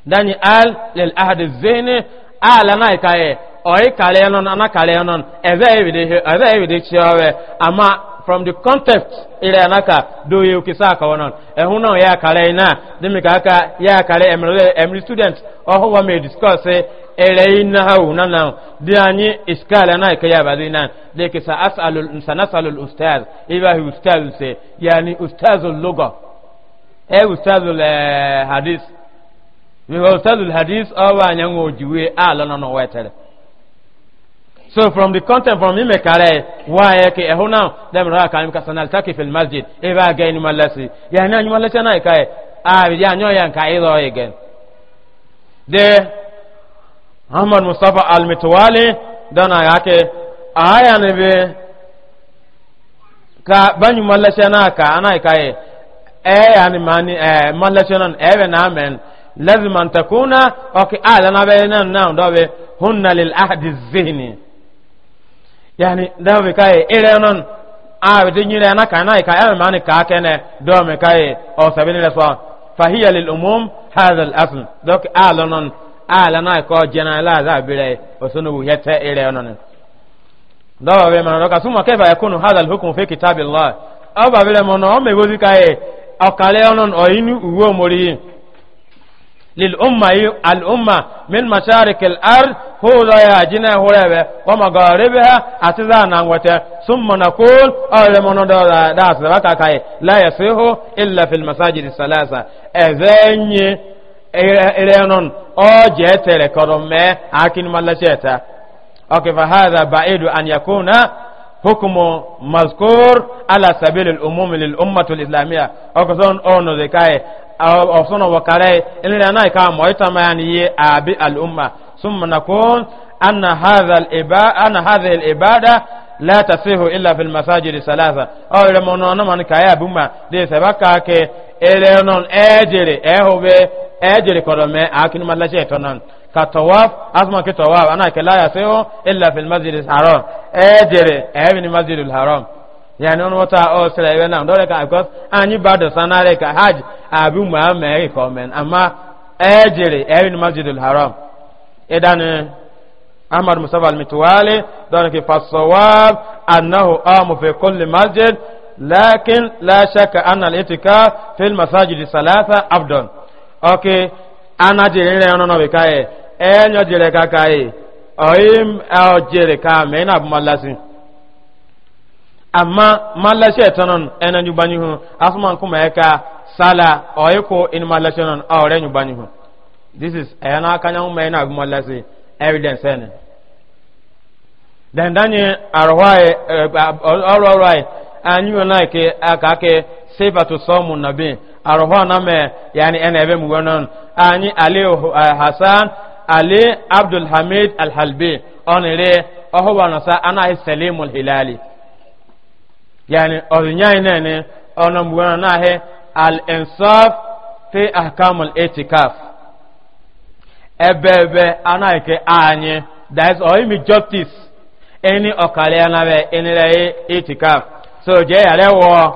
dani al lil ahad zihni ala na ikaye oy kare non ana kare non eve evide eve evide chiawe ama from the context ile anaka do ye ukisa ka wonon ehuna ya kare na dimika aka ya kare emre emre student oho wa me discuss eh, ereyi na hau na na di anyi iskala na ikaya badi na de ke sa asalul sanasalul ustaz ibahi ustaz se yani ustazul lugha e ustazul eh, hadis we ustazul hadis awa anyango jiwe ala na no So from the content from him kare wa yake e na dem ra kan ka sanal taki fil masjid e ba ga ni malasi ya na ni malasi na kai a bi ya nyoya kan ido again there Muhammad Mustafa Al-Mitwali dana yake aya ne be ka banyu mallace na ka ana kai e yani mani e mallace nan e be na men lazim an takuna ok ala na be nan na do be hunna lil ahdi zihni yani da be kai ire nan a be din yire na ka na kai e mani ka kene do me kai o sabini la so fahiya lil umum hadha al asl dok ala nan ala na ko jena la za bire osono bu yete ire onon dawa we man roka suma kefa yakunu hadha alhukm fi kitabillah aba bire mono o me gozi kai akale onon o inu uwo mori lil umma al umma min masharik al ard huwa ya jina hurebe wa magaribiha atiza na ngwete summa naqul awle mono da da sabaka kai la yasihu illa fil masajid salasa ezenye irenon o je tere koron me akin malasheta okay fa hadha ba'idu an yakuna hukmu mazkur ala sabil al umum lil ummati al islamiyya o ko son ono de kai o sono wakare ilina la tasihu illa fil masajid salasa o ile mo no no man kai abuma de sabaka ke irenon ejere ehobe ejiri kodome akinu malashe tonan ka tawaf asma ke tawaf ana ke la yaseho illa fil masjidil haram ejiri ebini masjidil haram yani on wata o sira ibe na ndore ka because anyi bado sanare ka haj abi mu amere komen amma ejiri ebini masjidil haram idan ahmad musafa al-mitwali don ke fasawab annahu amu fi kulli masjid لكن لا شك أن الاتكاف في المساجد الثلاثة أفضل oke ana jere nre ọnụ n'obi ka ye enyo jere ka ka ye ọ jere ka ma ị na-abụ malasi amma malasi etonon ena nyubanyihu asuman kuma eka sala oyi ko in malasi ọrịa ore nyubanyihu this is ena akanya ma ị na-abụ malasi evidence ene dandanye arwaye ọrụ e, ọrụ anyị anyị nwere na-eke aka ake sifatu sọmụ nabi aroho na me yani ene be mu wonon ani ali eh, hasan ali abdul hamid al halbi onire oho wa nasa ana salimul hilali yani orinyai nene ono mu wonon na he al insaf fi ahkamul itikaf ebebe ana ke anyi that is oimi justice any okale anabe enire itikaf so je yare wo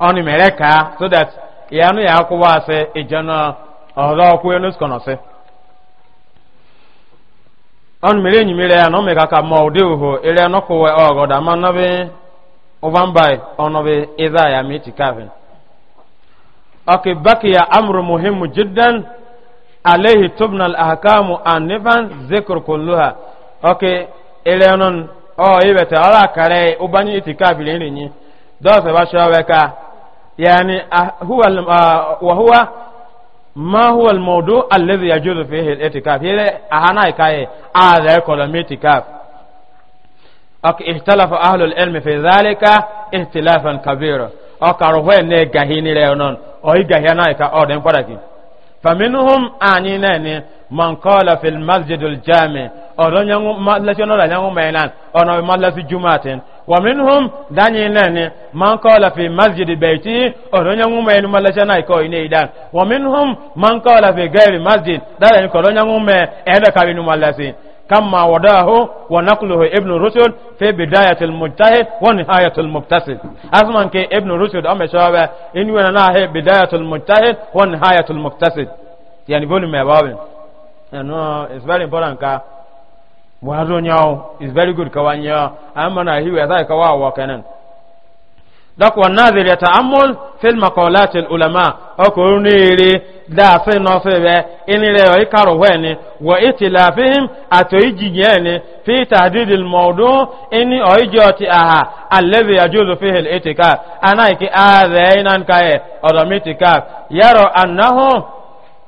oni mereka so that ya nu ya kuwa ase ijana ọzọ ọkụ elu skọnọ si ọnụ mere enyi mere ya na o mega ka ma ụdị uhu ere nọkụwe ọgọda ma nọbi ụbambai ọnọbi ịza ya ma ichi kavin ọkị baki ya amụrụ muhimu jiddan alehi tubnal ahakamu an nivan zikr kulluha ọkị ere nọn ọ ibete ọla kare ụbanye itikafiri nrinyi dọsọ ba shọwe ka يعني هو وهو ما هو الموضوع الذي يجوز فيه الاعتكاف هي أهنا كاي هذا كلام اعتكاف اختلف أهل العلم في ذلك اختلافا كبيرا أكره نجاهين لهنون أو يجاهنا كا أو دم فلكي فمنهم أنينني من قال في المسجد الجامع أو لن يعو ما لا شنو لا يعو ميلان أو ما لا في جمعتين ومنهم دانينان من قال في مسجد بيتي أرنيا مما ينما لشنا يكو إنيدان ومنهم من قال في غير مسجد دانيا كرنيا مما إهدا كابين مالسين كما وداه ونقله ابن رشد في بداية المجتهد ونهاية المبتسم أسمع كي ابن رشد أم شابه إن وناه بداية المجتهد ونهاية المبتسم يعني بقول ما بابين يعني it's very important wazo nyao is very good kawanya amma na hiwe za ka wa wa kanan dak wa nazir ya ta'ammul fil maqalat al ulama o ire da fe no fe be ini re o ikaro hweni wa itilafihim ato ijiyeni fi tahdid al mawdu ini o ijoti aha alladhi yajuzu fihi al itikaf ana ki adhainan kae odomitikaf yaro annahu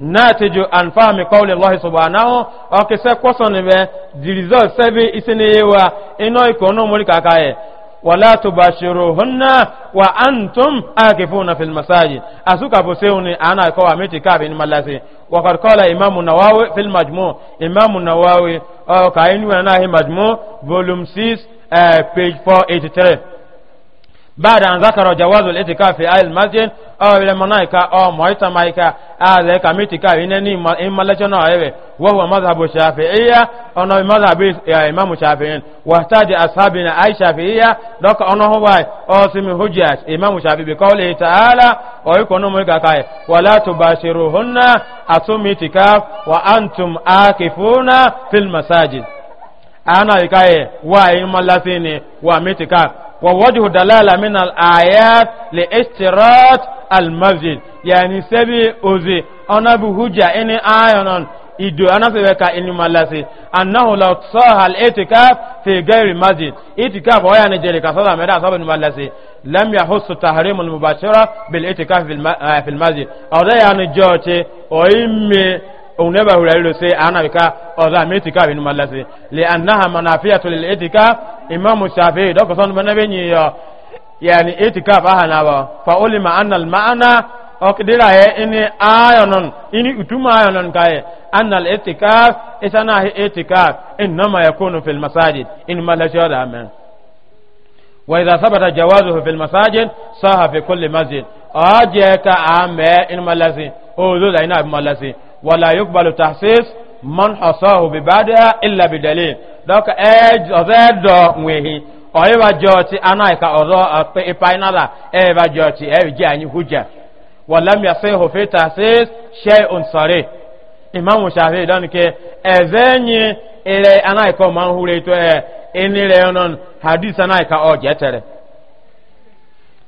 natiju an fahmi qawli allah subhanahu o ke se koso ni be the result se bi isini yewa ino iko no mori kaka e wala tubashiruhunna wa antum akifuna fil masajid asuka bo seuni ana ko wa meti ka be ni malasi wa qad qala imam nawawi fil majmu imam nawawi o ka inu na he majmu volume 6 uh, page 483 بعد أن ذكر جواز الاعتكاف في آل المسجد awele manaika o moita maika ale kamiti ka ine ni imalacho na ewe wa huwa madhhabu shafi'iyya ono madhhabu ya imam shafi'in wa taji ashabina ay shafi'iyya dok ono huwa o simi hujjat imam shafi'i bi qawli ta'ala wa yakunu mulka kai wa la tubashiruhunna asumi tikaf wa antum akifuna fil masajid ana ikaye wa imalasini wa mitikaf ووجه دلالة من الآيات لاشتراط almasjid yani sebi ozi ona bu hujja ini ayonon ido anasebe ka ini malasi annahu law sahal itikaf fi ghairi masjid itikaf waya ne jere ka sada meda sabu ni malasi lam yahussu tahrimu almubashara bil itikaf eh, fil masjid awda yani joche oimme uneba hulalilo se anabika oza mitika binu malasi li annaha manafiyatu lil itikaf imam shafi'i dokoson banabe nyiyo يعني اعتكاف اهنا با فاولي ما ان المعنى اقدر اي اني ايونن اني اتوم ايونن كاي ان الاعتكاف اتنا اعتكاف انما يكون في المساجد ان ما لشهد امن واذا ثبت جوازه في المساجد صح في كل مسجد اجيك امن ان ما لازم او ذو اين ما ولا يقبل تحسيس من حصاه ببعدها الا بدليل دوك اج زاد وهي ọ̀yẹ́wà jọ́ọ̀tì anáìka ọ̀zọ́ ìpáyínàlà ẹ̀yẹ́wà jọ́ọ̀tì ẹ̀rì jẹ́ àyín hujja wọ̀lámi ẹ̀sẹ̀ òfin tàṣí ṣe òǹsọ̀rẹ́ ìmáàmù ṣàfihàn ìdánìkẹ́ ẹ̀zẹ́yìn ilẹ̀ anáìka ọmọ ahúre tó ẹ̀ ẹni rẹ̀ ọ̀nà hadith anáìka ọ̀jẹ̀ tẹ̀rẹ̀.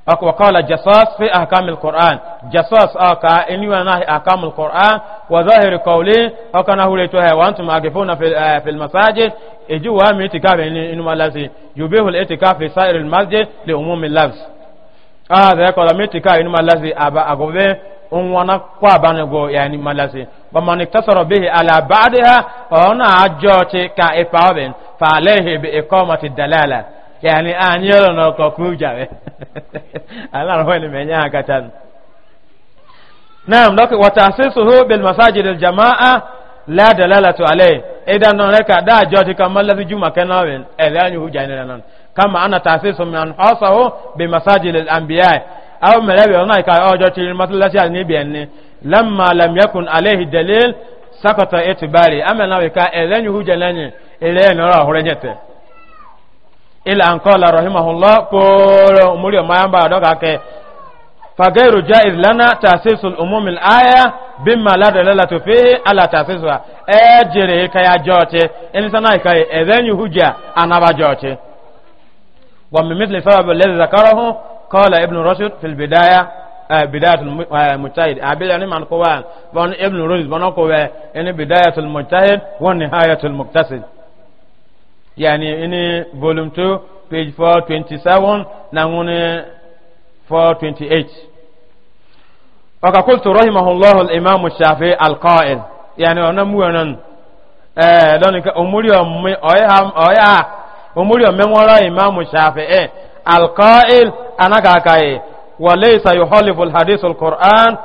أكو قال جساس في أحكام القرآن جساس أكا إني وانا أحكام القرآن وظاهر قولي أكنا هو ليتوها وأنتم عاكفون في آه، في المساجد إجوا من اعتكاف إنما لازم يبيه الاعتكاف في سائر المسجد لعموم اللفظ هذا آه يقول من اعتكاف إنما لازم أبا أقوله on wana kwa banago yani malasi wa man iktasara bihi ala ba'daha fa ona ajote ka ifaben fa yani anyelo ah, no kokuja we ala roho ni menya katan naam lak wa ta'sisuhu bil masajid al jamaa la dalalatu alayhi idan non reka da joti kamal la juma kana wen ele anyu huja ni nan kama ana ta'sisu man ho bi masajid al anbiya aw malabi ona ka ojo oh, ti masallaci ni bi enni lamma lam yakun alayhi dalil sakata itibari na we ka ele anyu huja nani ele no ra horejete ila an qala rahimahullah ko muri ma yamba do ka ke fagairu jaiz lana tasisul umum al aya bimma la dalalatu fihi ala tasisuha e jere ka ya jote en sana ka e zen hujja anaba jote wa min mithli sabab alladhi zakarahu qala ibn rushd fil bidaya bidayatul mujtahid abila ni man ko wa yani ini volume 2 page 427 na ngune 428 وقلت رحمه الله الإمام الشافعي القائل يعني أنا مونا eh don ka umuri omme oya oya umuri omme wora imam shafi'i alqa'il anaka kai wa laysa yuhalifu alhadith alquran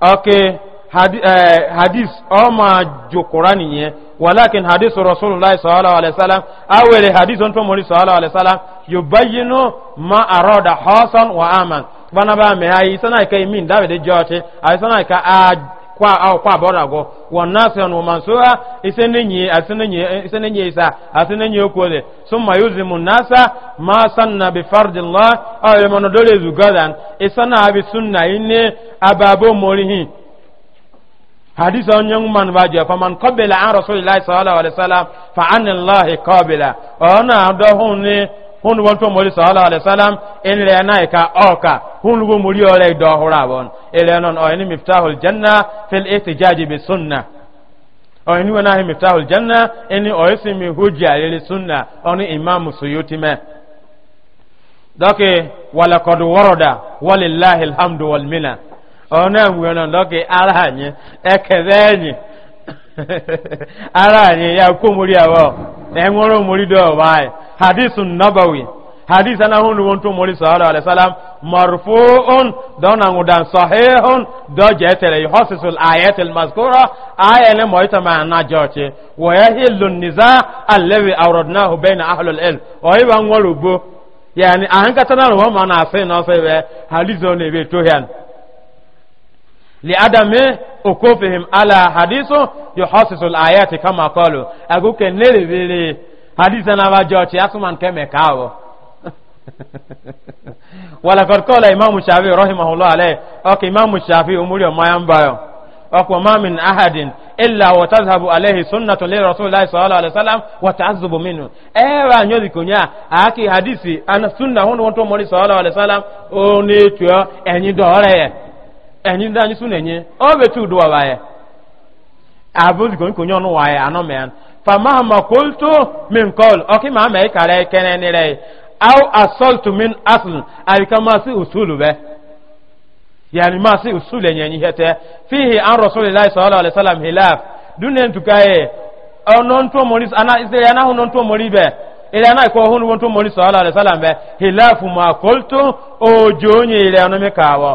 okay hadis ọma jokora nìyẹn walakin hadis rasulullah sallallahu alaihi salam awere hadis on tomori sallallahu alaihi salam yubayyinu ma arada hasan wa aman bana ba me ayi sana ka min dawe de jote ayi sana ka a kwa au kwa bora go wana se no mansuha isenenye asenenye isenenye isa asenenye okole summa yuzimu nasa ma sanna bi fardillah ayi monodole zugadan isana abi sunna inne ababo morihin hadisa on yang man ba je faman qabila an rasulillahi sallallahu alaihi wasallam fa an allahi qabila ona do hunni hun won to mori sallallahu alaihi wasallam in le na ka oka hun go mori ole do hura bon ele non o ni miftahul janna fil ihtijaj bi sunnah o ni wana hi miftahul janna in o isi mi hujja lil sunnah oni imam suyuti me doke wala qad warada walillahi alhamdu wal minna ọ̀nà ìwúrọ̀ náà lọ́kẹ̀ ara àyìn ẹkẹ̀rẹ́ enyi ara àyìn ya kó mórí àwọ̀ ẹ̀wọ̀rọ̀ mórí dọ̀wà ẹ̀ hadith nabawi hadith aláhùn ló tó mórí sọ̀rọ̀ alẹ́sálàm marfu'un dọ́nà ngùdàn sọ̀hẹ́hùn dọ́jẹ́ tẹ̀lẹ̀ yìí hosisul ayatul maskura ayẹlẹ mọ̀ítà máa ná jọ́ọ̀chẹ́ wọ̀yẹ́ hìlù nìzá alẹ́wì àwòrán bẹ́ẹ̀ na ahlul el ọ̀yẹ́ wa ń wọ́rọ̀ gbó yẹni àhẹ́ńkátánà rẹ̀ wọ́n na àṣẹ náà fẹ́ bẹ́ẹ̀ hadith ọ̀nà ìbẹ̀ لعدم أكوفهم على حديث يحسس الآيات كما قالوا أقول كنيري بيلي حديث أنا بجوتي أسمان كم كاو ولقد قال إمام الشافعي رحمه الله عليه أك إمام الشافعي أمور ما ينبغي أك وما من أحد إلا وتذهب عليه سنة لرسول الله صلى الله عليه وسلم وتعذب منه أيوا نيوزي كونيا أكي حديثي أنا سنة هون وانتو مولي صلى الله عليه وسلم أوني تيو أني دوريه enyi ndị anyị sụ na-enye o betu udu ọba ya abụzigo nke onye ọnụ waye anọ ma ya famaha ma kolto min kol ọkị ma ama ịkara ekene nire au asọltu min asl alika masị usulu be yani masị usulu enye enyi hete fihi an rasulillahi sallallahu alaihi wasallam hilaf dunne ntukaye ọnọ to moris ana isere ana honon to moribe ilẹ̀ náà ikọ̀ ohun ni wọ́n tó mọ̀ ní sọ́ọ́lá rẹ̀ sálàmẹ́ ìlàfùmọ̀ àkóltó òjò oyin ilẹ̀ ọ̀nà mẹ́kàwọ̀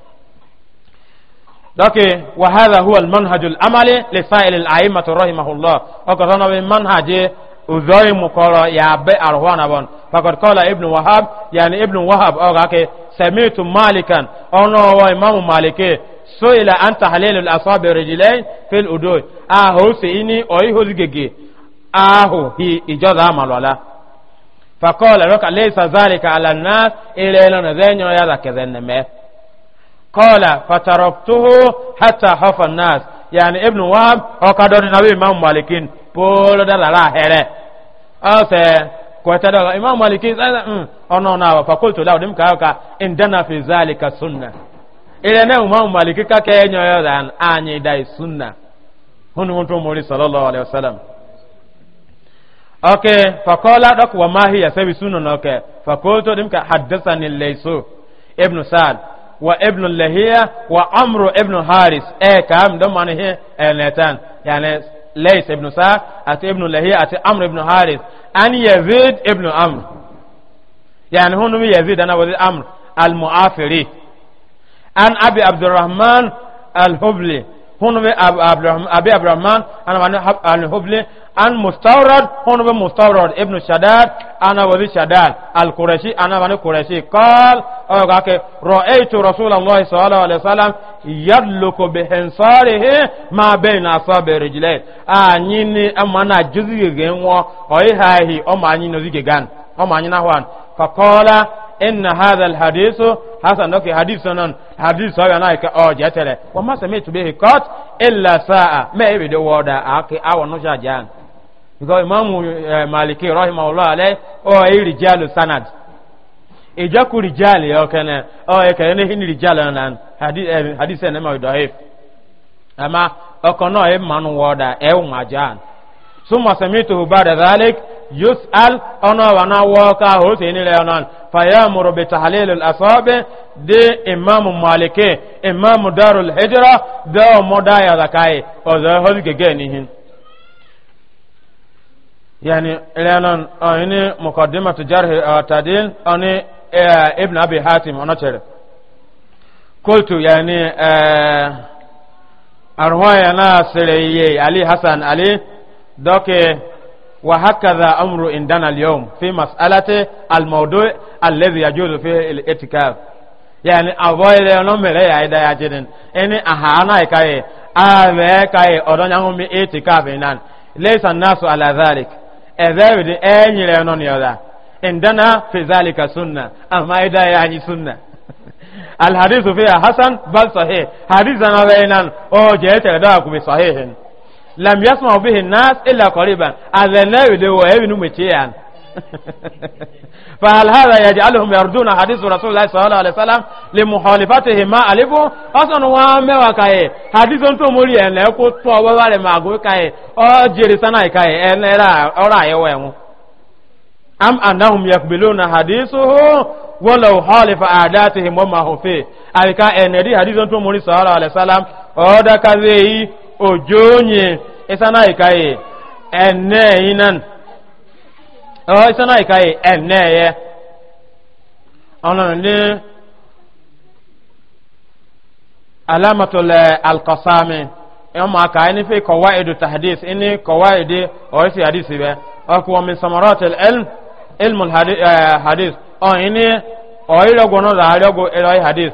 لكن وهذا هو المنهج العملي لسائر الأئمة رحمه الله وكذلك المنهج uzoi mukoro ya be arwana bon fakot kola ibnu wahab yani ibnu wahab o gake samitu malikan ono wa imam malike so ila an tahlil al asab rijlain fil udoy a ho se ini o i ho gege a ho hi ijoda malwala fakola roka laysa zalika ala nas ila ila na zenyo ya da kezenme قال فتركته حتى خاف الناس يعني ابن وهب او كدون نبي امام مالكين بول دلا لا هره اوسه كوتا دلا امام مالكين انا انا انا فقلت له دم كاكا ان دنا في ذلك سنه الى نا امام مالكين كاكا ينيو دان اني داي سنه هن وانتم مولى صلى الله عليه وسلم اوكي فقال دك وما هي سبي سنه اوكي فقلت دم حدثني الليث ابن سعد wa ibn lahiya wa amru ibn haris e kam do man he elnetan yani lays ibn sa at ibn lahiya at amru ibn haris an yazid ibn amr yani hunu mi yazid ana wazid amr al muafiri an abi abdurrahman al hubli hunbe abi abdurrahman ana wani al-hubli an mustawrad hunbe mustawrad ibn shaddad ana wani shaddad al-qurashi ana wani qurashi qal aw ga ke ra'aytu rasulullah sallallahu alaihi wasallam yadluku bi hinsarihi ma baina asabi rijlay anyi ni amana juzi genwo o ihahi o ma anyi no zige gan o ma anyi na hwan fa qala إن هذا الحديث حسن لك حديث سنن حديث سوى نايك أو جتلة وما سمعت به قط إلا ساعة ما يبدو ودا أكي أو نشا جان يقول إمام مالكي رحمه الله عليه أو أي رجال سند إجاكو رجال يوكنا أو يكنا هن رجال نان حديث حديث سنما ضعيف أما أكنا إمام ودا أو مجان ثم سمعته بعد ذلك yus'al ona wa na waka ho se ni le onan fa ya'muru bi tahlil al asabi de imam maliki imam darul hijra da moda ya zakai o za ho ge ge ni hin yani ilanan ani muqaddimatu jarh tadil ani ibn abi hatim ona chere qultu yani arwaya na sirayye ali hasan ali doke وهكذا أمر عندنا اليوم في مسألة الموضوع الذي يجوز فيه الاعتكاف yani avoid no mere ya ida ya jidin eni ahana ikaye ave kaye odon yangu mi itikaf inan laysa nasu ala dhalik ezebidi enyire no ni oda indana fi zalika sunna amma ida ya ni sunna al hadithu fiha hasan bal sahih hadithan wa inan o je tere da ku bi sahihin lam yasma bihi nas illa qariban azalla yudewo ebinu mutiyan فهل هذا يجعلهم يرجون حديث رسول الله صلى الله عليه وسلم لمخالفته ما ألفوا أصلا وامي وكاي حديث أنتم مولي أن يكو طوى وغالي ما أقول كاي أو جيري سنة كاي أن لا أرى يوم أم أنهم يقبلون حديثه ولو خالف أعداتهم وما هو فيه ألكا أن يدي حديث أنتم مولي صلى الله عليه وسلم أو دكا ذي ojoonye isana ikaye ene inan o oh, isana ikaye ene ye ọ̀nà ní alamatul eh, alkasami yọmọ aka ẹni fi kọwa edu tahdis ẹni kọwa ede oh, ọ̀rẹ́sì hadis bẹ ọkọ̀ omi samarat ilmul eh, hadis ọ̀yìn ní ọ̀yìn lọ́gbọ̀n náà rẹ̀ hadis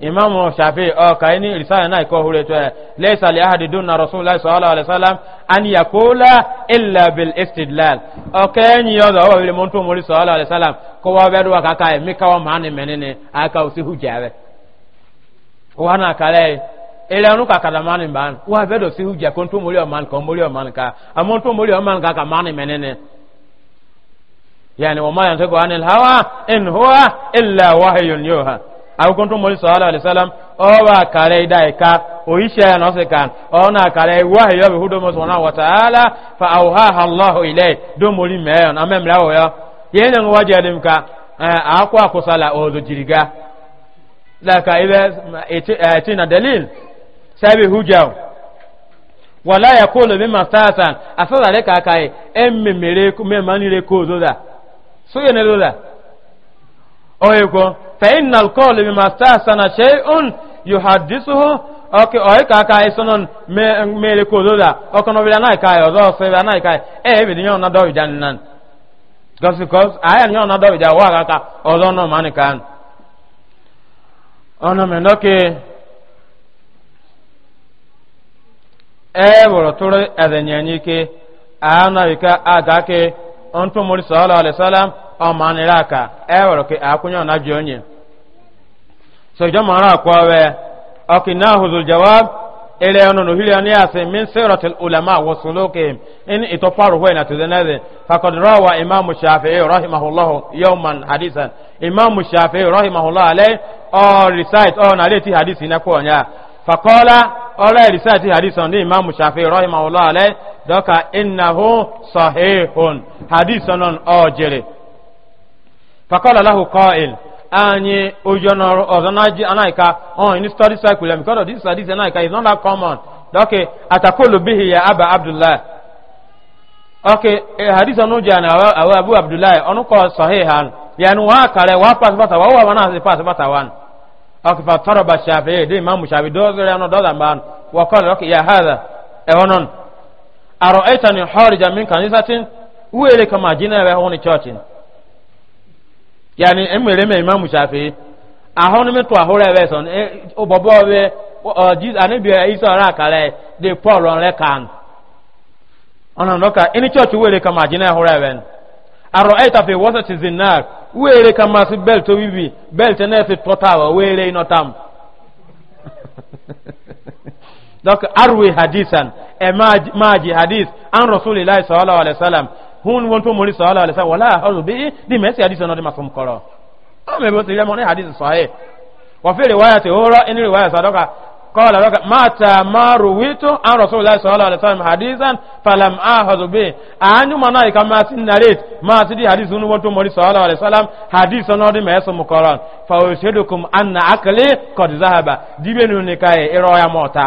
imamu shafi o oh, kaini risala na iko hure to eh. laysa li ahadi dunna rasulullah sallallahu alaihi wasallam an yakula illa bil istidlal o oh, kaini yodo o oh, le montu muri sallallahu alaihi wasallam ko wa bedu akaka e mikawa mani menene aka usi hujawe ko wana kale ele anu kakada mani ban wa bedu si hujja kontu muri o man ko muri o man ka amontu muri o man ka ka mani menene yani wa ma yantaku anil hawa in huwa illa wahyun yuha agogonto mori sallallahu alaihi wasallam oba kare dai ka oisha ya nose kan ona kare wa yo bi hudo mo sona wa taala fa auhaha allah ilay do mori meyon amemra o ya yenya ngwaje adim ka akwa akusala ozo jiriga laka ibe eh, eh, sabi hujao wala yakulu bima satan asada le ka kai emmemere e ku memani le zoda so yenelo da oyeko فإن القول بما استحسن شيء يحدثه ọkẹ ọyẹ kaka ẹsọnà mẹrẹ kolo la ọkọnà bìrì anáyìí káyọ ọdọ ọsọ bìrì anáyìí káyọ ẹ ẹ bìrì yẹn ọ̀nà dọ̀wì jà nínú gọsi gọsi àyà ni yẹn ọ̀nà dọ̀wì jà wà kaka ọdọ ọ̀nà ọ̀mà ni kàn. ọ̀nà mi lọ́kẹ́ ẹ wọ̀rọ̀ tó rẹ ẹ̀dẹ̀nyẹ̀ ní ike àánà ìka àgàkẹ́ ọ̀ntúnmọ̀rì sọ̀rọ̀ alẹ́ sọ́lá ọ̀mà nìlá ká ẹ sojo mara kwawe akinahu dhul jawab ile ono no hili ani ase min sirat al ulama wa sulukim in itofaru huwa na tuzenaze faqad rawa imam shafi'i rahimahullah yawman hadithan imam shafi'i rahimahullah alay or recite or narrate hadisi na kwa nya faqala ola recite hadisi ndi imam shafi'i rahimahullah alay doka innahu sahihun hadithun ojere faqala lahu qa'il anyị ụjọ n'ọrụ ọzọ na-ajị anaghịka ọ in study cycle because of this studies anaghịka is not that common dọkị atakolu bihi ya aba abdullahi ọkị e, hadis ọnụ ji na awa abu abdullahi ọnụ kọ sọhị ha ya ni wa kare wa pass bata wa wa na asi pass bata wan ọkị fa tọrọ ba shafi dị imam shafi dọzọ ya nọ dọzọ mba wa kọlọ ọkị ya hada ẹwọnọn e, arọ ẹtani họrịja min kanisatin wúwèrè kama jina ẹwẹ hụ ni chọọchị yani emere me imam shafi ahon me to ahore we son e, o bobo we jesus ani bi e, isa ra kale de paul on le kan ona noka any church we le kama jina ahore we aro aita e fe wasa tizinar we le kama si belt to bibi belt na fe totawa we le inotam donc arwi hadisan e maji hadis an rasulillahi sallallahu alaihi wasallam hun won to mori sallallahu alaihi wasallam wala hazu bi di mesi hadith no de masum koro o me bo tire mo ne hadith sahih wa fi riwayat ora in riwayat sadaka qala laka mata maruwitu an rasulullah sallallahu alaihi wasallam hadithan falam ahadu bi anyu mana ka ma sin narrate ma ti di hadith nu won to mori sallallahu alaihi wasallam hadith no de masum koro fa ushidukum anna akli qad zahaba dibe nu ne kai iro e, ya mota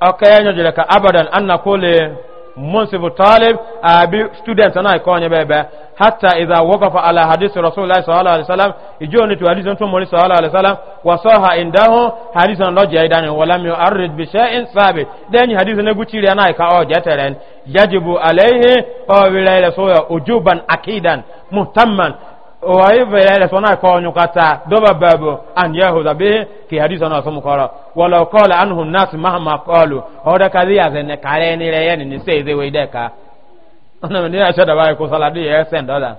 okay nyo jere ka abadan anna kule munsibu talib abi student na ko nyo bebe hatta idha waqafa ala hadith rasulullah sallallahu alaihi wasallam ijo ni tu hadith to mori sallallahu alaihi wasallam wa saha indahu hadithan lo jai dan wala mi arrid bi shay'in sabit den hadith ne guciri anai ka o jeteren yajibu alaihi o wilayla soya ujuban akidan muhtamman wai bere sona ko nyukata doba babo an yahuda be ki hadisa na somu kora wala qala anhu nas mahma qalu oda kali ya zene kare ni re yani ni se ze we deka ona ni asha da bai ko saladi e sen dola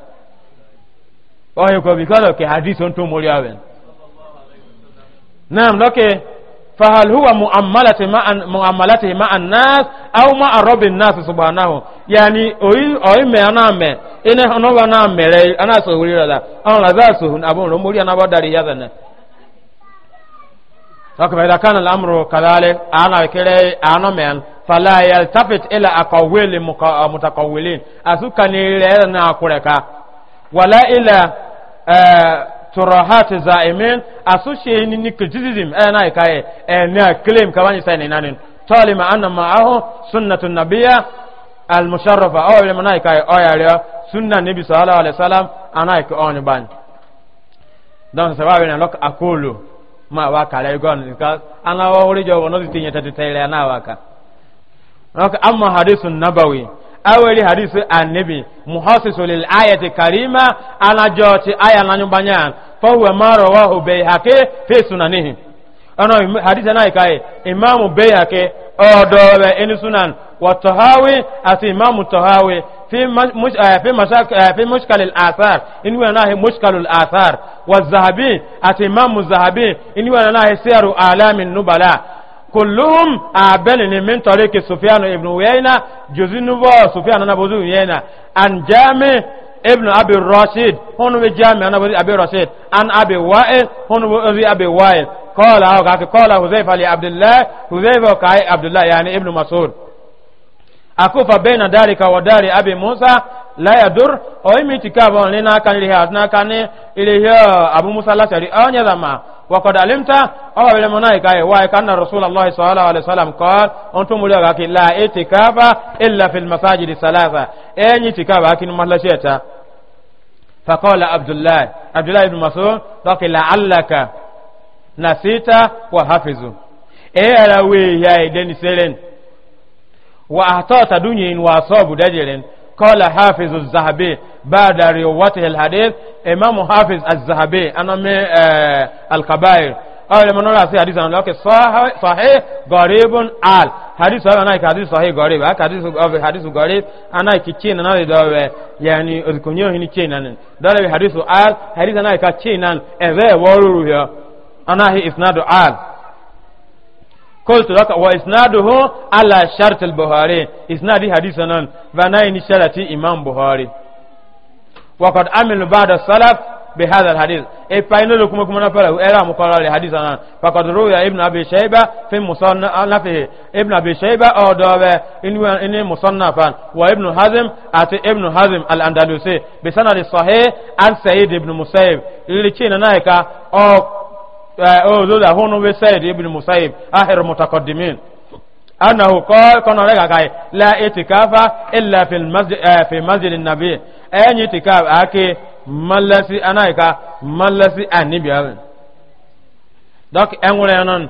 oyo ko bi ko ke hadisa on فهل هو معاملته مع معاملته مع الناس او مع رب الناس سبحانه يعني اوي اوي me ana me ene hono wa na mere ana so wuri rada an la za so hun abun romori ana badari ya zana فكما إذا كان الأمر كذلك أنا كري أنا من فلا يلتفت إلى أقوال متقولين أسوكني لنا أكورك ولا إلى آه turahati za'imin asushe ni ni criticism eh na kai eh na claim kama ni sai nanin talima anna ma'ahu sunnatun nabiyya al musharrafa aw oh, le manai kai ayariya oh, sunna nabi sallallahu alaihi wasallam anai ko on oh, ban dan sababu na lok akulu ma wa kala gon ka ana wa hore jo wono tinya tati tayla na wa ka lok amma hadithun nabawi aweli hadithu annabi muhassisul ayati karima ana joti aya na nanyubanyan fọwọ́ máa rọ̀ wá òbẹ̀ àké fèsù nà níhìn ọ̀nà àdìsẹ́ náà ìkáyẹ̀ ìmáàmù bẹ́ẹ̀ àké ọ̀dọ̀ rẹ̀ ẹni sunan wà tọ̀háwé àti ìmáàmù tọ̀háwé fi mọ́ṣkàlì àtàr inú ẹ̀ náà mọ́ṣkàlì àtàr wà zahabi àti ìmáàmù zahabi inú ẹ̀ náà sẹ́rù alámi nubala كلهم أبلن من طريق سفيان ابن ويينا جزء نبو سفيان نبوذو ويينا عن ibn abi rashid hun bi jami ana bi abi rashid an abi wa'il hun bi abi wa'il qala aw ka qala huzaifa li abdullah huzaifa ka abdullah yani ibn mas'ud akufa baina dalika wa dari abi musa laya dur o imi tika bon ni na kan lihi adna kan ile ya abu musa la shari an ya zama wa qad alimta aw bil malaika wa kana rasulullah sallallahu alaihi wasallam qal antum la ka la itikaba illa fil masajid salasa en itikaba kin mahlasheta fa qala abdullah abdullah ibn mas'ud laki la'allaka nasita wa hafizu e ala we ya ideni selen wa ahtata dunyin wa asabu dajirin قال حافظ الذهبي بعد رواته الحديث امام حافظ الذهبي انا من آه الكبائر أول من نرى حديث أنا لك صحيح صحيح غريب آل حديث هذا أنا حديث صحيح غريب هك حديث أو حديث غريب أنا كتشين أنا ده يعني أذكرنيه هني تشين أنا ده حديث آل حديث أنا كتشين أنا إذا وروا أنا هي إسناد آل قلت لك وإسناده على شرط البخاري إسناد حديثنا فناين شرط إمام بخاري وقد عمل بعد السلف بهذا الحديث اي فاينل كما كما فلو ارا مقرر الحديث انا فقد روى ابن ابي شيبه في مصنفه ابن ابي شيبه او دوبه ان ان مصنفا وابن حزم ات ابن حزم الاندلسي بسند الصحيح عن سعيد بن مسيب لكن نايكا او ozo da hono we said ibn musayib ahir mutaqaddimin annahu qala kana rega kai la itikafa illa eh, fi masjid an-nabi ayi itikaf ake malasi anaika malasi anibi awen dok enwure non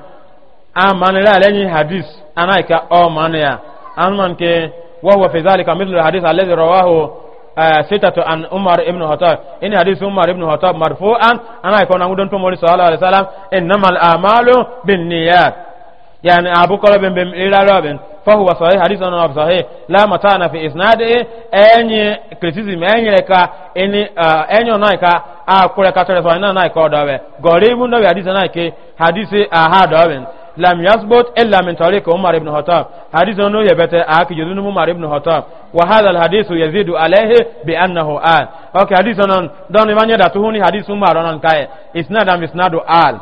amanira lenyi hadis anaika o mania anman ke wa huwa fi zalika mithlu hadis alladhi rawahu Eh, sitatu an umar ibn khattab ini hadis umar ibn khattab marfu'an ana ko na ngudon tumori mori sallallahu alaihi wasallam innamal a'malu binniyat yani abu qalbin bin ilalabin fa huwa sahih hadith ana sahih la matana fi isnadihi any criticism any leka ini eh, enyo naika akure katore so ina naika odawe goribu no hadith naike hadith ahadawin lam yasbut illa min tariq umar ibn hadis hadith no yebete akijudun umar ibn khattab وهذا الحديث يزيد عليه بأنه آل أوكي حديث أنا دون ما نيدا تهوني حديث ما رنان كاي إسناد أم إسناد آل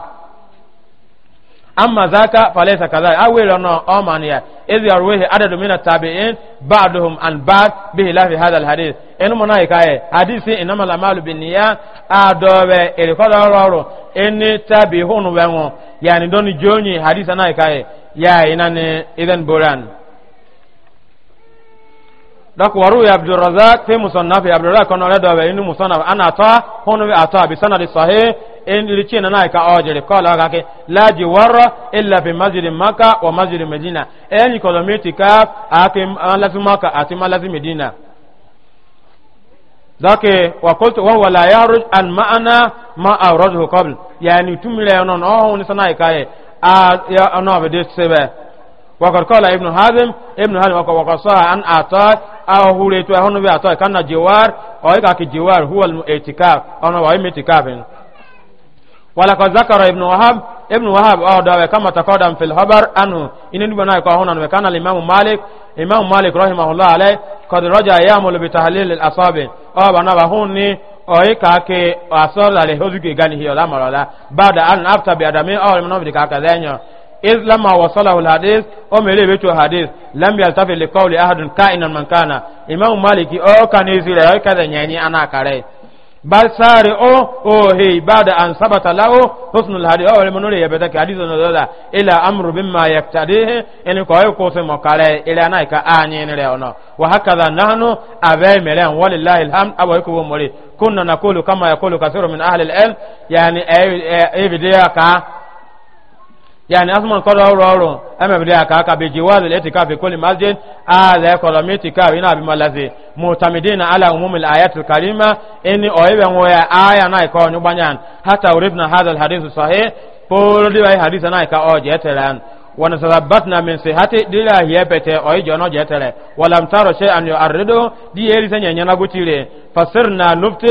أما ذاك فليس كذلك أول أنا أمان يا إذ يرويه عدد من التابعين بعضهم عن بعض بخلاف هذا الحديث إن منا كاي حديث إنما الأعمال بالنية أدوبة إلكل أورو إن تابعون وهم يعني دون جوني حديث أنا يا إنني إذن بوران dɔk waru ya abdulrazak fi musannaf abdulrazak kɔnɔ rɛ dɔ bɛ inu musannaf ana ta hunu bi ata bi sanadi sahi in lici na na ka ɔjiri kɔla ka ke laji warra illa fi maka wa masjidi medina ɛni kɔlɔmiti ka a ke malafi maka a malazi malafi medina dɔk e, wa kultu wa wala yaruj an ma'ana ma awraduhu qabl yani tumire non o hunu sana ka ye a ya ono be de sebe وقد قال ابن حازم ابن حازم aw hure to hono be kana jiwar o ka ki jiwar huwa al itikaf ono wa itikaf wala ka zakara ibn wahab ibn wahab aw dawe kama taqaddam fil khabar anu inen bana ko hono kana al imam malik imam malik rahimahullah alay qad raja ya'mul bi tahlil al asabi aw bana ba honni oyi kake asor ale hozuke gani hiyo la malola bada an after bi adami aw limno bi kaka zenyo إذ لما وصله الحديث أو ملي بيتو الحديث لم يلتفت لقول أحد كائنا من كان إمام مالك أو كان يزيل أو كذا يعني أنا كاري بل ساري أو أو هي بعد أن ثبت له حسن الحديث أو لمن يريد بذلك حديث نزل إلى أمر بما يقتضيه إن كوي كوسي مكاري إلى أنا كأني نريونا وهكذا نحن أبي ملان ولله الحمد أبو يكو مولي كنا نقول كما يقول كثير من أهل العلم يعني أي أي, أي, أي, أي, أي, أي, أي, أي, أي yani asuma nkɔdɔ ɔrɔ ɔrɔ ɛmɛ bi de aka aka bi jiwa lele ti ka fi koli masjid ala kɔlɔ mi ti ka ina bi ma lase mutamidi na ala umumi ayatul karima ɛni ɔyi bɛ ŋo ya aya na ikɔ nyugbanya hata wuri na hadal hadisu sahi kpolo de wa hadisa na ika ɔjɛ tɛlɛ an wani sababat na min se hati dila hiɛ pɛtɛ ɔyi jɔ n'ɔjɛ tɛlɛ walam taro se an yɔ arido di yeri se nyɛ nyɛnagu tire fasir na nufte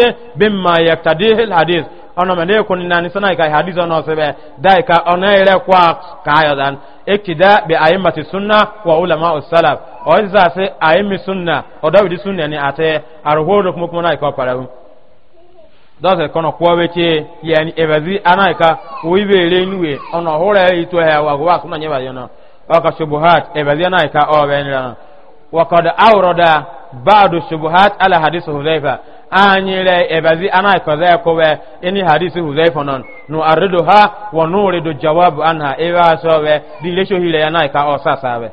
ono me ne kun na ni sana kai hadith ono sebe dai ka ono ile kwa ka yo dan ikida bi aimati sunna wa ulama usalaf o iza se aimi sunna o dawidi sunna ni ate arhodo kuma kuma na ko parahu dɔsɛ kɔnɔ kɔɔbɛ tse yɛni ɛbɛzi ana yi ka o yi bɛ lé nuwe ɔnɔ hɔrɛ yi to hɛ wa wa kuna nyɛ ba yɛn nɔ ɔka sobo hat ɛbɛzi ana yi ka ɔbɛ nira wa kɔdi baadu shubuhat ala hadisi huzaifa anyire ebazi ana ikoze kowe ini hadisi huzaifa non nu aridu ha wa nuridu jawabu anha ewa sowe dilesho hile yana ika osasawe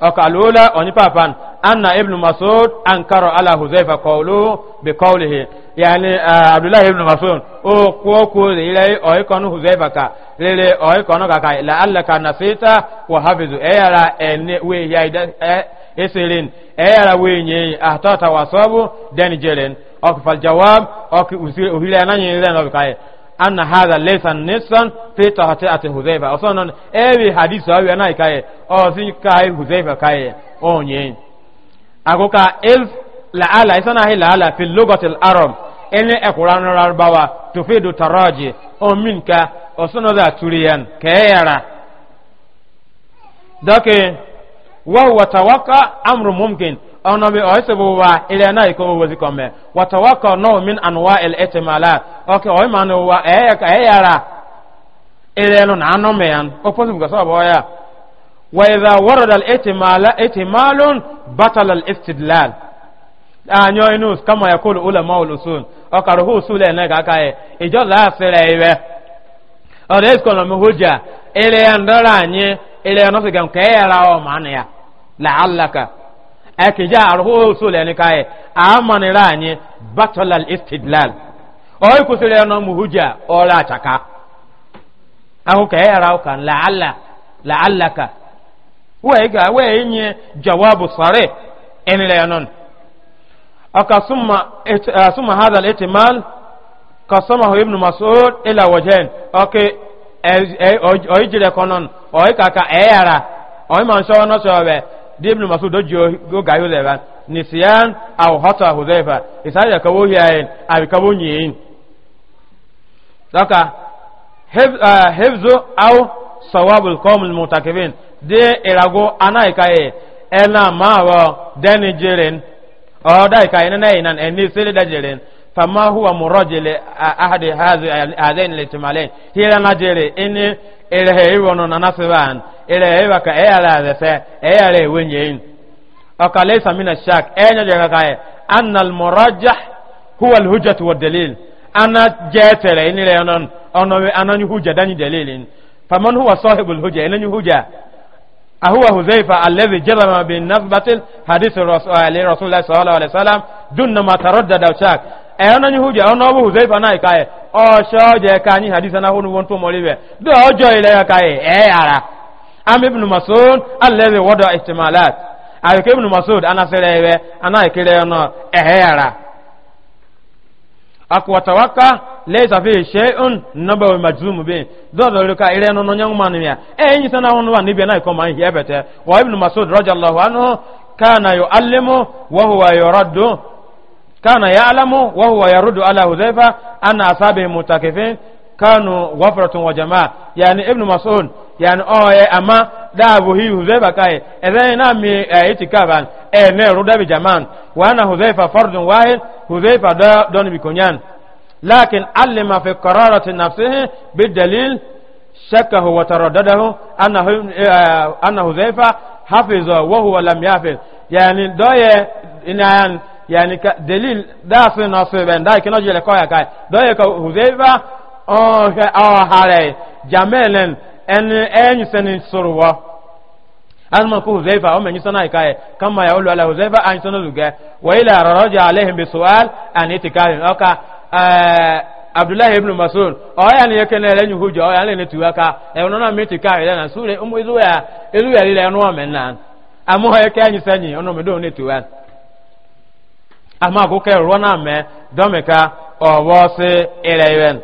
okalula oni papan anna ibnu masud ankara ala huzaifa qawlu bi qawlihi yani uh, abdullah ibnu masud o ko ko ile o ikonu huzaifa ka lele o ikonu ka ka la alla ka nasita wa hafizu eyara enne we ya ida eh, eyara wenye ahtata wasabu den jelen ok fal jawab ok uhile ananye ren ok kai anna hadha laysa nisan fi tahtati huzaifa osonon ewi hadithu awi anai kai o sin kai huzaifa kai onye agoka il la'ala isana hila la'ala fi lugati al-arab ene ekuran rabawa tufidu taraji o minka osono da turiyan kayara doke wa amru mumkin ọ̀nà na ọ̀hẹ́ sẹ́bù wa ilẹ̀ náà watawaka min anuwa wa ẹ̀yàrá ilẹ̀ ẹ̀nu náà na mẹ́yàn ó pọ́sùn gbọ́sọ́ ọ̀bọ̀ ya. wa ìdá wọ́rọ̀dà ẹ̀tẹ̀ màlún bàtàlà ìstìdìlàl inú kama ya kóòlù ulẹ̀ mọ́ olùsùn ọkàrù hù sùlẹ̀ náà kàkà ẹ̀ ìjọ láàfẹ́rẹ̀ ìwẹ̀ ọ̀rẹ́ ya. ele si se gan ke era o ya la'allaka akija e arhu usul yani kai e. amani ranye batal al istidlal oy ku sire no muhuja chaka ahu ke era o kan e la'allaka we ga nye jawabu sare en le non aka summa summa oyi kaka eyara oyi man so no so be dibnu masud dojo go gayo leba nisyan aw hata hudhaifa isaja ka eh, e. wo hiyen abi ka wo nyin daka hifzu aw sawabul qawmil mutakibin de irago anaika e ela mawo deni jirin o daika ina e, na ina en ni sele da jirin فما هو مرجل لأحد هذين الاحتمالين هي لا نجري إن إلهي ونون نصبان إلهي وكا إيه على ذسه إيه على وينين أكاليس من الشاك أين نجري أن المرجح هو الهجة والدليل أنا جاتل إن لأنن أنا أنا نهجة دني دليل فمن هو صاحب الهجة إن نهجة أهو هزيفة الذي جرم بالنسبة حديث الرسول الله صلى الله عليه وسلم دون ما تردد أو شاك ẹ̀rọ ní hujjẹ ọ̀nà ọ̀bù hùzẹ́ ìfà náà ìkáyẹ̀ ọ̀ṣọ́ jẹ́ ká ní hadisa náà hùn wọn tó mọ̀ rí bẹ̀ bí ọjọ́ ilẹ̀ ẹ̀ka ẹ̀ e ara am ibn masoud alẹ́bẹ̀ wọ́dọ̀ ìtìmọ̀lát àyíkẹ́ ibn masoud anasẹ̀rẹ̀ ẹ̀rẹ́ anáìkẹ́rẹ́ ọ̀nà ẹ̀hẹ́ ara akwatawaka lẹ́sà ya ibn كان يعلم وهو يرد على حذيفة أن أصحابه متكفين كانوا غفرة وجماعة يعني ابن مسعود يعني أوه أما دا أبو هي حذيفة كاي إذا نام إتكابا إيه نرد بجماعة وأنا حذيفة فرد واحد حذيفة دون بكونيان لكن علم في قرارة نفسه بالدليل شكه وتردده أنه أنه حذيفة حفظ وهو لم يحفظ يعني دوية إن yani ka delil da su na su ben da kino jele ko ya kai do ye ka huzaifa o ka o hare jamelen en en senin surwa azma ku huzaifa o men sana kai kama ya ulu ala huzaifa an sana zuga wa ila raraja alaihim bi su'al an itikahi uh, aka abdullahi ibn mas'ud o ya ni yake na nyu hujo o ya ni tuwaka e wona mi tikahi na sure umu izu ya izu ile no amen amu ha yake anyi sanyi ono me do ne tuwaka ama ko kɛ rɔ na mɛ dɔmi ka ɔwɔ se ɛrɛ yɛn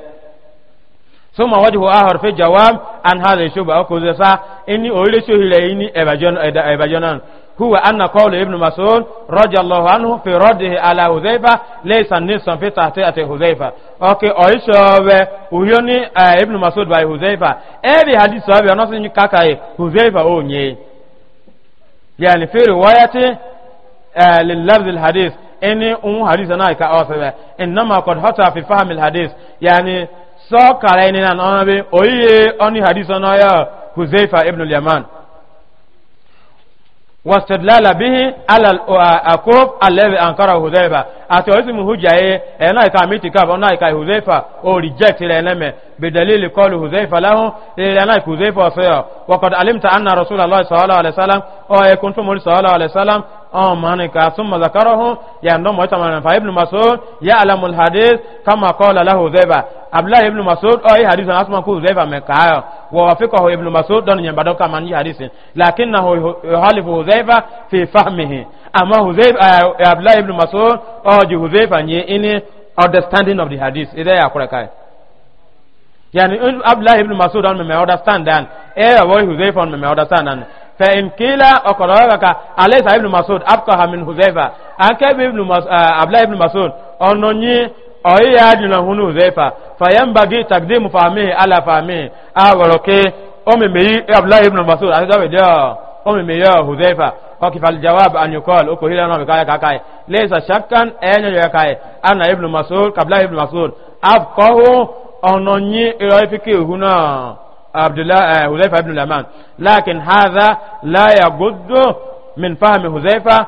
soma wadi ho ahɔr fi jawab an ha zai shuba ko zai sa ini oyire shi hire ini ebajonan huwa anna qawlu ibn mas'ud radiyallahu anhu fi raddihi ala hudhayfa laysa nisan fi tahti'ati hudhayfa okay oyisho we uyoni ibn mas'ud by hudhayfa every hadith sahabi ono sin kakai hudhayfa onye yani fi riwayati lil lafz al hadith ini un hadith na ka awasabe innama qad hata fi fahm al hadith yani so kala ini na no be oyiye oni hadith na ya huzaifa ibn al yaman واستدلال به على الأكوف الذي أنكره هذيبة أتوزم هجاية أنا كاميت كاب أنا كهذيفة أو رجعت لأنما بدليل قول هذيفة له لأنا كهذيفة وقد علمت أن رسول الله صلى الله عليه وسلم أو كنت مولى صلى الله عليه وسلم on mani ka summa zakarahu ya ndo mo tamana fa ibn mas'ud ya alamul hadith kama qala lahu zaiba abdullah ibn mas'ud o hadith an asma ku zaiba me ka wa wafaqahu ibn mas'ud don nyamba do kama ni hadith lakinnahu yuhalifu zaiba fi fahmihi ama huzaifa abdullah ibn mas'ud o ji huzaifa nye ini understanding of the hadith ida ya kura kai yani abdullah ibn mas'ud on me understand dan e wa huzaifa on me understand dan فإن قيل أقرأك أليس ابن مسعود أبقى من حذيفة أنك ابن مسعود أبلا ابن مسعود أنني أي يادنا هنا حذيفة فينبغي تقديم فهمه على فهمه أغرك أمي مي أبلا ابن مسعود أتذكر ده أمي مي حذيفة أوكي فالجواب أن يقال أكو هنا نعم كاي كاي ليس شكا أن يكاي أنا ابن مسعود قبل ابن مسعود أبقى أنني إلى فكره هنا abdullah eh, huzaifa ibn al-yaman lakin hadha la yaguddu min fahmi huzaifa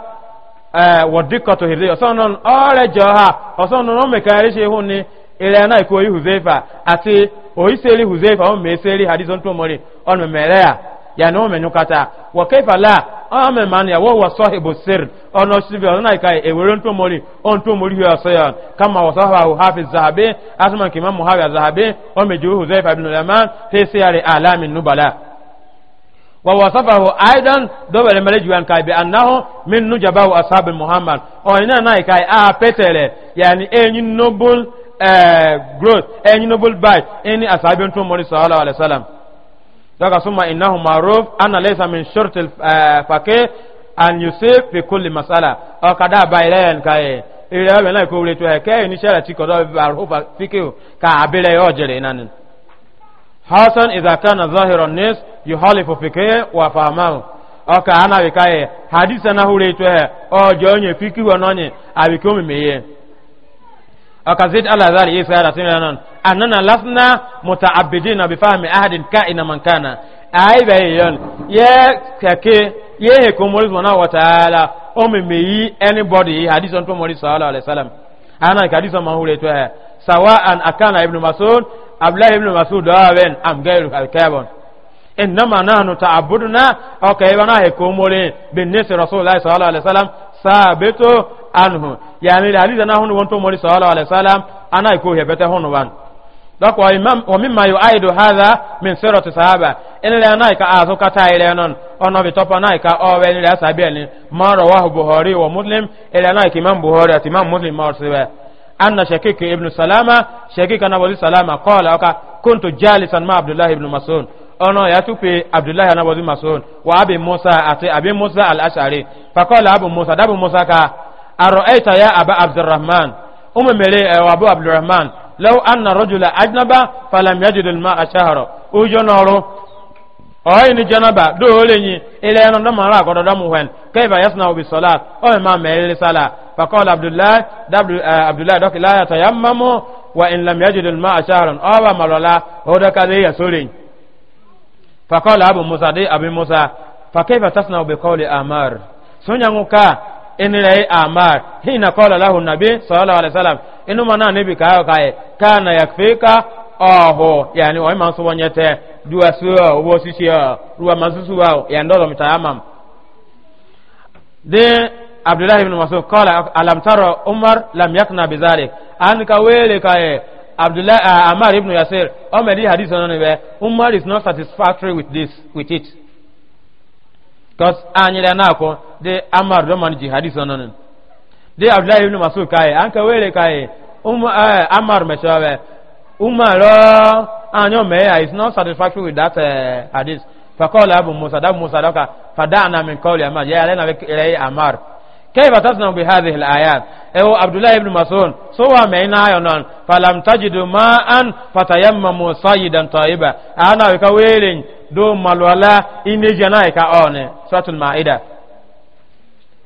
eh, wa dikkatu hirri osonon ore joha osonon o me kare se hunni ile na ko huzaifa ati o iseri huzaifa o me seri hadithon to mori on me merea yani ome nukata wa kaifa la ame man ya wa huwa sahibu sir ono sibi ono kai e were nto mori onto mori hiya saya kama wasahahu hafiz zahabi asma kimam muhawiya zahabi o mejuhu huzaifa ibn al-yaman fi siyari alami nubala wa wasafahu aidan dobele meleju an kai bi annahu min nujabahu ashab muhammad o ina nai kai a petele yani enyin noble eh growth enyin noble bite eni asabin to mori sallallahu alaihi daga suma innahu ma'ruf anna laysa min shurtil eh, faqih an yusif fi kulli mas'ala o kada bayran kai ire be na ko re to e ke ni shara ti ko do ma'ruf fiqh ka abire yo jere nan hasan idha kana zahiran nas yuhalifu fiqh wa fahmahu o ana bi kai hadisa na hure to e o jo nye fiqh wa nonye abi ko me ye akazid ala zali isa da tin nan annana lasna muta'abbidina bi fahmi ahadin ka'ina man kana ai bai yon ye kake ye he ko mori zona wa ta'ala o me meyi anybody hadith on to mori saala alaihi wasallam ana ka hadith ma hure to sawa'an akana ibnu mas'ud abdullah ibnu mas'ud da ben am gairu al-kabon innama nahnu ta'abbuduna o kai bana he ko mori bin nisi rasulullahi sallallahu alaihi wasallam anhu yani hadith na hunu wonto mori sallallahu alaihi wasallam ana ko hebete hunu wan dako wa imam wa mimma yuaidu hadha min sirati sahaba ina la naika azu kata ile non ono bi topa naika o we ni la sabi ni maro wa buhari wa muslim ila naika imam buhari at imam muslim marsiba anna shakik ibn salama shakik ana wali salama qala aka kuntu jalisan ma abdullah ibn mas'ud ono ya tupe abdullah ana wali mas'ud wa abi musa ati abi musa al-ashari faqala abu musa dabu musa ka أرأيت يا أبا عبد الرحمن أم ملي أبو عبد الرحمن لو أن رجل أجنب فلم يجد الماء شهر أجنر أين جنبا دولني إلى أن نما لا قد دمهن كيف يصنع بالصلاة أو ما ملي صلاة فقال عبد الله عبد الله دك لا يتيمم وإن لم يجد الماء شهر أو ملولا هو دك يسولين فقال أبو موسى دي أبي موسى فكيف تصنع بقول أمر سنة inire amar na kola lahu nabi sallallahu alaihi wasallam inu mana nabi kayo kaye kana yakfika oho yani wa imansu wonyete duwa suwa obo sisi ruwa mansusu wa ya ndoro mitayamam de abdullahi ibn mas'ud qala alam tara umar lam yakna bizalik an ka wele kaye abdullahi amar ibn yasir o me di hadith onon be umar is not satisfactory with this with it cos anyere na ko de amar do man jihadi sonon de abdullah ibn mas'ud kai an ka were kai um amar meshawe umar anyo me It's not satisfactory with that uh, hadith فقال أبو موسى دب موسى لك فدعنا من قول أمار يا لنا إليه أمار كيف So wa الآيات أو عبد الله بن مسعود سوى من آيون فلم تجد ماء فتيمموا صيدا طيبا أنا وكويل do malwala inde jana e ka one suratul maida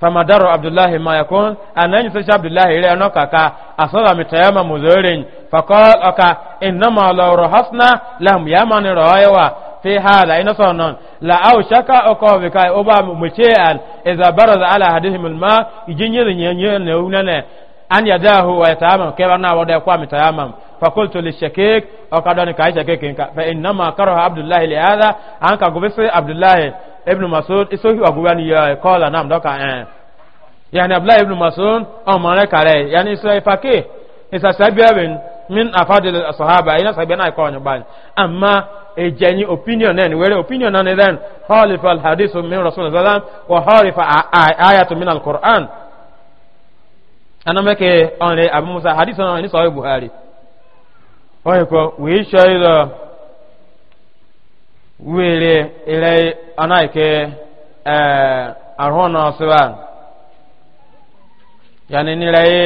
famadaru abdullahi ma yakun anan yusa abdullahi re no kaka asala mitayama muzorin faqal aka innama law rahasna lam yaman rawa fi hada ina sonon la au shaka oko bika oba al iza baraza ala hadihim alma ijinyirin yenye ne unane an yadahu wa yatayammam keba na wada kwa mitayammam fakultu lishakik akadani kai shakik fa innama karaha abdullah li hadha an ka gubisi abdullah ibn mas'ud isohi wa gubani ya eh, qala nam doka eh yani abdullah ibn mas'ud o mare kare yani isra ifake isa sabiabin min afadil sahaba ina sabiana ko nyoban amma ejenyi opinion nen were opinion nen then halif al hadithu min rasulullah wa halif ayatu min al qur'an anameke ọnre abu musa hadith e, na ní sọ̀rọ̀ buhari wọ́n kọ́ wèé ṣọ́ ìlọ wèrè ilẹ̀ anáìkẹ́ àrùn náà na yàní nílẹ̀ yé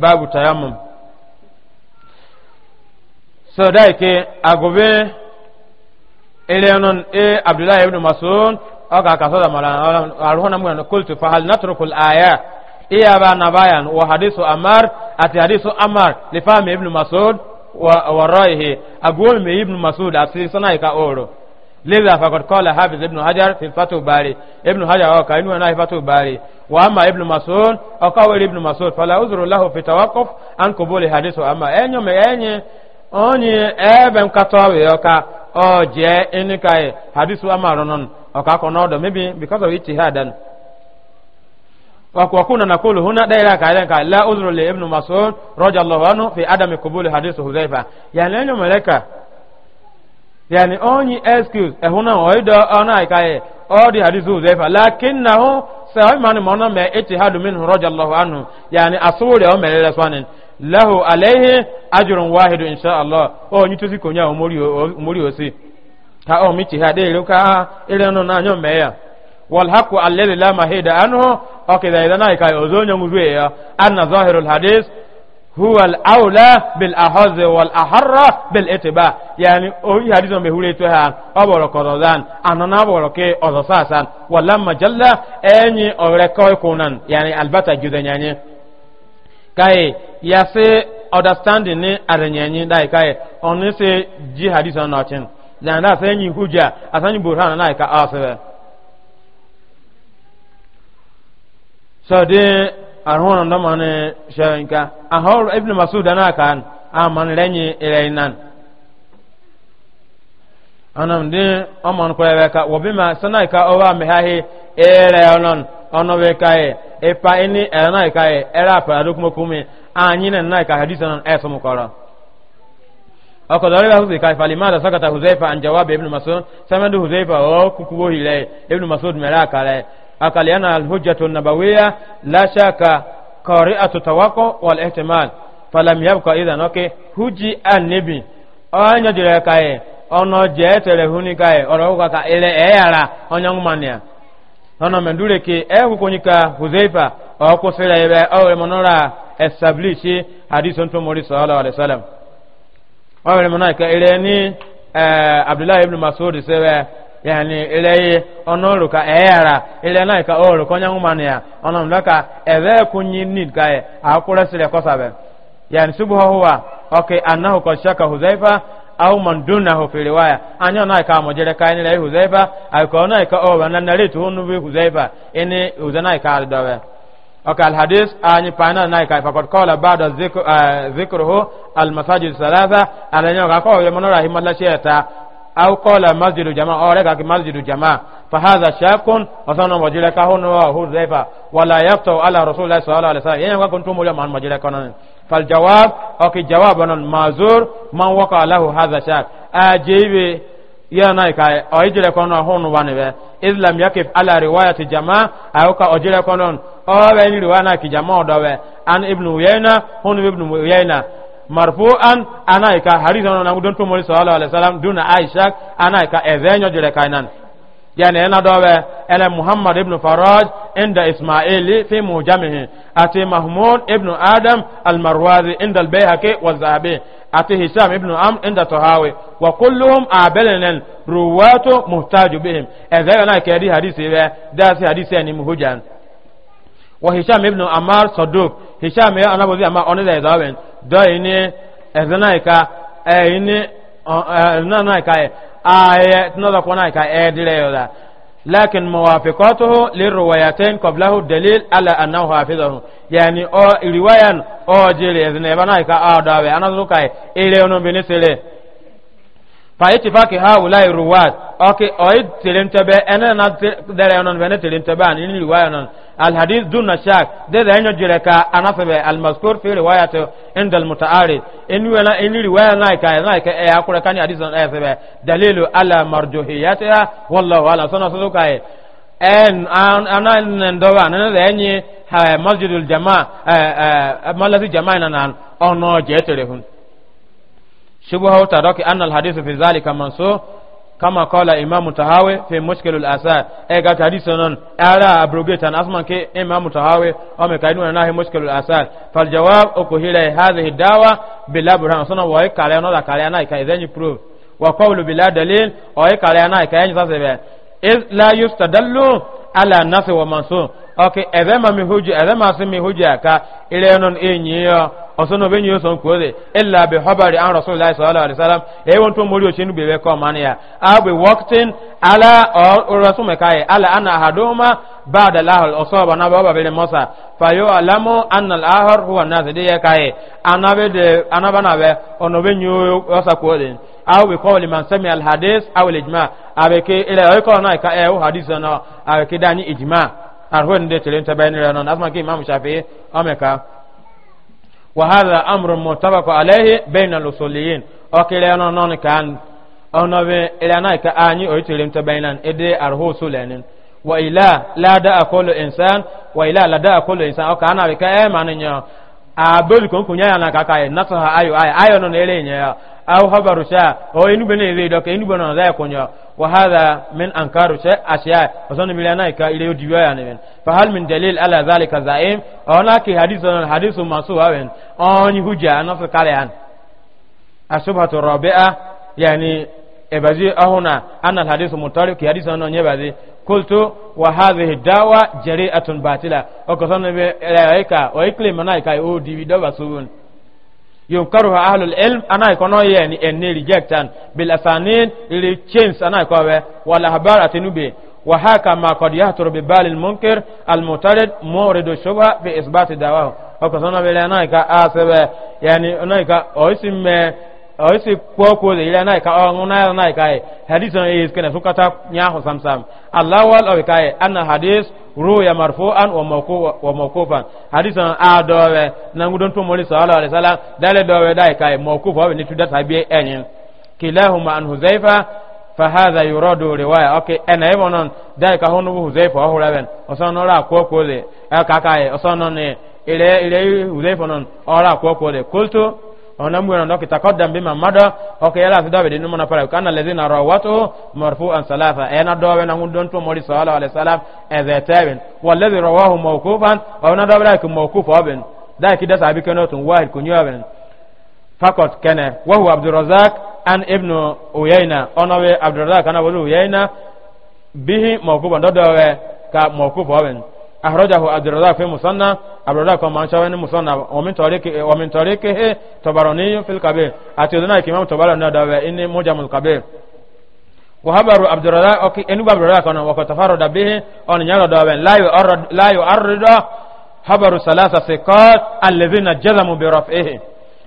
báàbù so dáìkẹ́ agobe ilẹ̀ ọ̀nà e abdullahi ibn mas'ud ọkà kasọ́dà mọ̀lá àrùn náà na ẹ̀nà kúlùtù fahal natrukul aya iya ba na bayan wa hadisu amar ati hadisu amar li fahmi ibn masud wa wa raihi agol me ibn masud asi sana ka oro lidha faqad qala hafiz ibn hajar fi fatu bari ibn hajar wa kainu na fatu bari wa amma ibn masud aw qawil ibn masud fala uzru lahu fi tawaqquf an qabuli hadisu amar enyo me enye onye ebe nkatawe ọka ọ jee ịnịkaghị hadisu amarụ nọ ọka akọ n'ọdọ mebi because of ichihadan وكنا نقول هنا دايرا كايلنكا لا عذر لابن مسعود رضي الله عنه في عدم قبول حديث حذيفه يعني انه ملكه يعني اوني اسكيوز هنا ويدا انا كاي او دي حديث حذيفه لكنه سوي من من ما اجتهاد منه رضي الله عنه يعني اصول او ملل سوان له عليه اجر واحد ان شاء الله اوني تسي كونيا اموري اموري اوسي ka o mi ti ha de ru ka ire no na nyo me ya والحق الذي لا مهيد عنه وكذا إذا نايك أزون يمزوية أن ظاهر الحديث هو الأولى بالأحظ والأحرى بالإتباع يعني أي حديث بهوليتها أبو كرزان أنا نابو كي أزاساسا ولما جل أني أولكوي كونان يعني البتا جدن يعني كاي يسي understanding ni arenyanyi dai kai onise ji hadisa notin dan da sanyi hujja asanyi burhan na ka asere so de arhon da mane sharinka ahor ibn masud ana kan aman renyi ireinan anam de aman ko ebeka wobima sanaika owa mehahi ere onon ono be kai ipa ini ana kai era pa dokumo kumi anyi na na kai hadisa nan eso mukora akadhalika huzi kai falimada sakata huzaifa an jawab ibn masud samadu huzaifa o kukuwo hile ibn masud meraka le akali ana alhujjatu nabawiya la shaka qari'atu tawaqqu wal ihtimal falam yabqa idhan okay huji annabi anya jira kae, ono je tere huni kai oro ka ka ile e yara onyan mania ono mendure ki e ku kunyika huzaifa o ko sira ebe o monora establish hadith on to mori sallallahu alaihi wasallam o monaka ile ni eh, abdullah ibn mas'ud sewe yani ile ono ruka eyara ile na ka o ruka nyangu mania ono ndaka eve kunyi nid kae akura sile kosabe yani subu huwa okay annahu qad shaka huzaifa au man dunahu fi riwaya anya na ka mojere kae ile huzaifa ako na ka o wana na letu hunu bi huzaifa ini uzana ka aldawe okay al hadis anyi pana na ka fa qad qala ba'da dhikruhu eh, al masajid thalatha alanya ka ko yemonora himalasheta aw qala masjidu jamaa ore ka masjidu jamaa fa hadha shakun wasana wajira ka hono wa hudhaifa wala yaftu ala rasulillah sallallahu alaihi wasallam yanga kuntu mulya man majira kana fal jawab aw ki jawaban mazur man waqa lahu hadha shak ajibi ya nai ka o ijira kono hono wani be islam yakif ala riwayati jamaa aw ka ojira kono o be ni riwana ki jamaa do be an ibnu uyayna hono ibnu uyayna marfu'an ana ka hadith na ngu don to mori sallallahu alaihi wasallam duna aisha ana ka ezenyo jere kainan yani yana dobe ele muhammad ibn faraj inda ismaili fi mujamihi ati mahmud ibn adam al-marwazi inda al-bayhaqi wa zahabi ati hisham ibn amr inda tahawi wa kulluhum abalanan ruwatu muhtaju bihim ezenyo na di hadith be da hadith ni muhujan wa hisham ibn ammar saduq hisham ya anabozi amma onida zawen dɔyi ni ɛzɛnai ka ɛyi e ni ɛzɛnai e, ka yɛ e, ayɛ tinɔdɔ kɔnai ka ɛdirɛ yɔ la lakin muwafiqatuhu lirriwayatain qablahu dalil ala annahu hafizahu yani o riwayan o jere ezne bana ka a dawe anazu kai ile ono bini sele fa ittifaqi haula ruwat okay o telen tebe ena na dere ono bene telen tebe an ni riwayan الحديث دون شك ده ده انه جريكا انا في المذكور في روايه عند المتعارض ان ولا ان روايه لايك لايك اي اكو كان حديث اي في دليل على مرجوحيتها والله على سنه سوكاي ان انا ندوا انا ده اني مسجد الجماعه مالذي جماعه نان اونو جيترهن شبهه تدك ان الحديث في ذلك منصور kama kala imamu tahawe fi mushkil al-asar e ga hadisi non ara abrogate an asman ke imamu tahawe o me kainu na mushkil al-asar fal jawab o ko hira hadhihi dawa bil abram sana wa kala na da kala na ka idan prove wa qawlu bila dalil o e kala na ka yin sase be iz la yustadallu ala nafi wa mansu okay ebe ma mi huji ebe ma si mi huji aka ile non enyi yo ọsọnà bẹ́ẹ̀ yóò sọ̀n kúrò dẹ̀ ẹ̀là bẹ̀ họ́bàrì àwọn rọ̀sùn láì sọ̀rọ̀ àlẹ́ sálám ẹ̀wọ̀n tó mórí òṣèlú bẹ̀rẹ̀ kọ́ ọ̀ma nìyà àbẹ̀ wọ́kítìn alá ọ̀rọ̀sùn mẹ̀ka yẹ alá àná àhàdóhùnmá bá àdàlá ọ̀sọ́ ọ̀bà náà bọ́ọ̀bà bẹ̀rẹ̀ mọ́sà fàyọ àlámú àná àhọ́r hùwà náà sì díyẹ ká yẹ anábẹ́nàbẹ́ ọ̀nà bẹ́ẹ̀ yóò ọ̀sà kúrò dẹ̀ aw bi qawli man na ka e hadith na abeke dani ijma arhon de telen tabayni ranan asma ke وهذا أمر متفق عليه بين الأصوليين أكيد أنا نون كان أنا إلى نايك أني أتكلم تبينا إدي أرهو سولين وإلى لا دا أقول إنسان وإلى لا دا أقول إنسان أو كان بك أمان يا abeli kon kunya yana kaka ye nasaha ayo ayo ayo non ele nya aw habaru sha o inu bene ile doka inu bene za kunya wa hadha min ankaru sha asya wasan bila na ka ile diwa ya ne fa hal min dalil ala zalika zaim ona ki hadithu non hadithu masu awen oni hujja anaf kale an asubhatu rabi'a yani ebazi ahuna anna alhadith mutariq ki hadith anna nyebazi qultu wa hadhihi dawa jari'atun batila okosana be laika eh, wa ikle manaika o divi dawa subun yunkaruha ahlul ilm ana kono ye ni en rejectan bil asanin li chains ana ko we wal ahbar atinube wa haka ma qad yahturu bi bal al munkir al mutarid muridu shubha bi isbat dawahu okosana be laika asebe yani onaika oisimme oisi oh, kpoko da ila nai ka on oh, na nai kai hadith on is kana sukata nya ho sam sam allah wal aw oh, kai anna hadith ruya marfu'an wa mawqu wa mawqufan hadith on adowe na ngudon to moli sallallahu alaihi wasallam dale dowe dai kai mawquf wa ni tudata bi enyin kilahuma an huzaifa fa hadha yuradu riwaya okay ana ibonon dai ka honu huzaifa wa huraben osono ra koko de ka kai osono ne ile ile huzaifa non ora koko de kultu ona mwe na kita qaddam bima mada o ke yala fidabe de numana para kana lazina rawatu marfu an salafa ena dobe na hundon to mori sallallahu alaihi wasallam ezetaben wallazi rawahu mawqufan ona dobe ke mawquf oben da ki da sabi kana tun wahid kunyaben fakot kene wa huwa abdurrazzaq an ibnu uyayna ona we abdurrazzaq ana wulu uyayna bihi mawqufan dodowe ka mawquf aben. أخرجه عبد الرزاق في مصنع عبد الرزاق كما أنشأه مصنع ومن طريق ومن طريقه تبراني في الكبير أتينا الإمام تبراني دعوة إن مجمع الكبير وخبر عبد الرزاق أوكي إن عبد الرزاق أنا وقد تفرد به أن يرى دعوة لا يعرض لا يعرض خبر ثلاثة ثقات الذين جزموا برفعه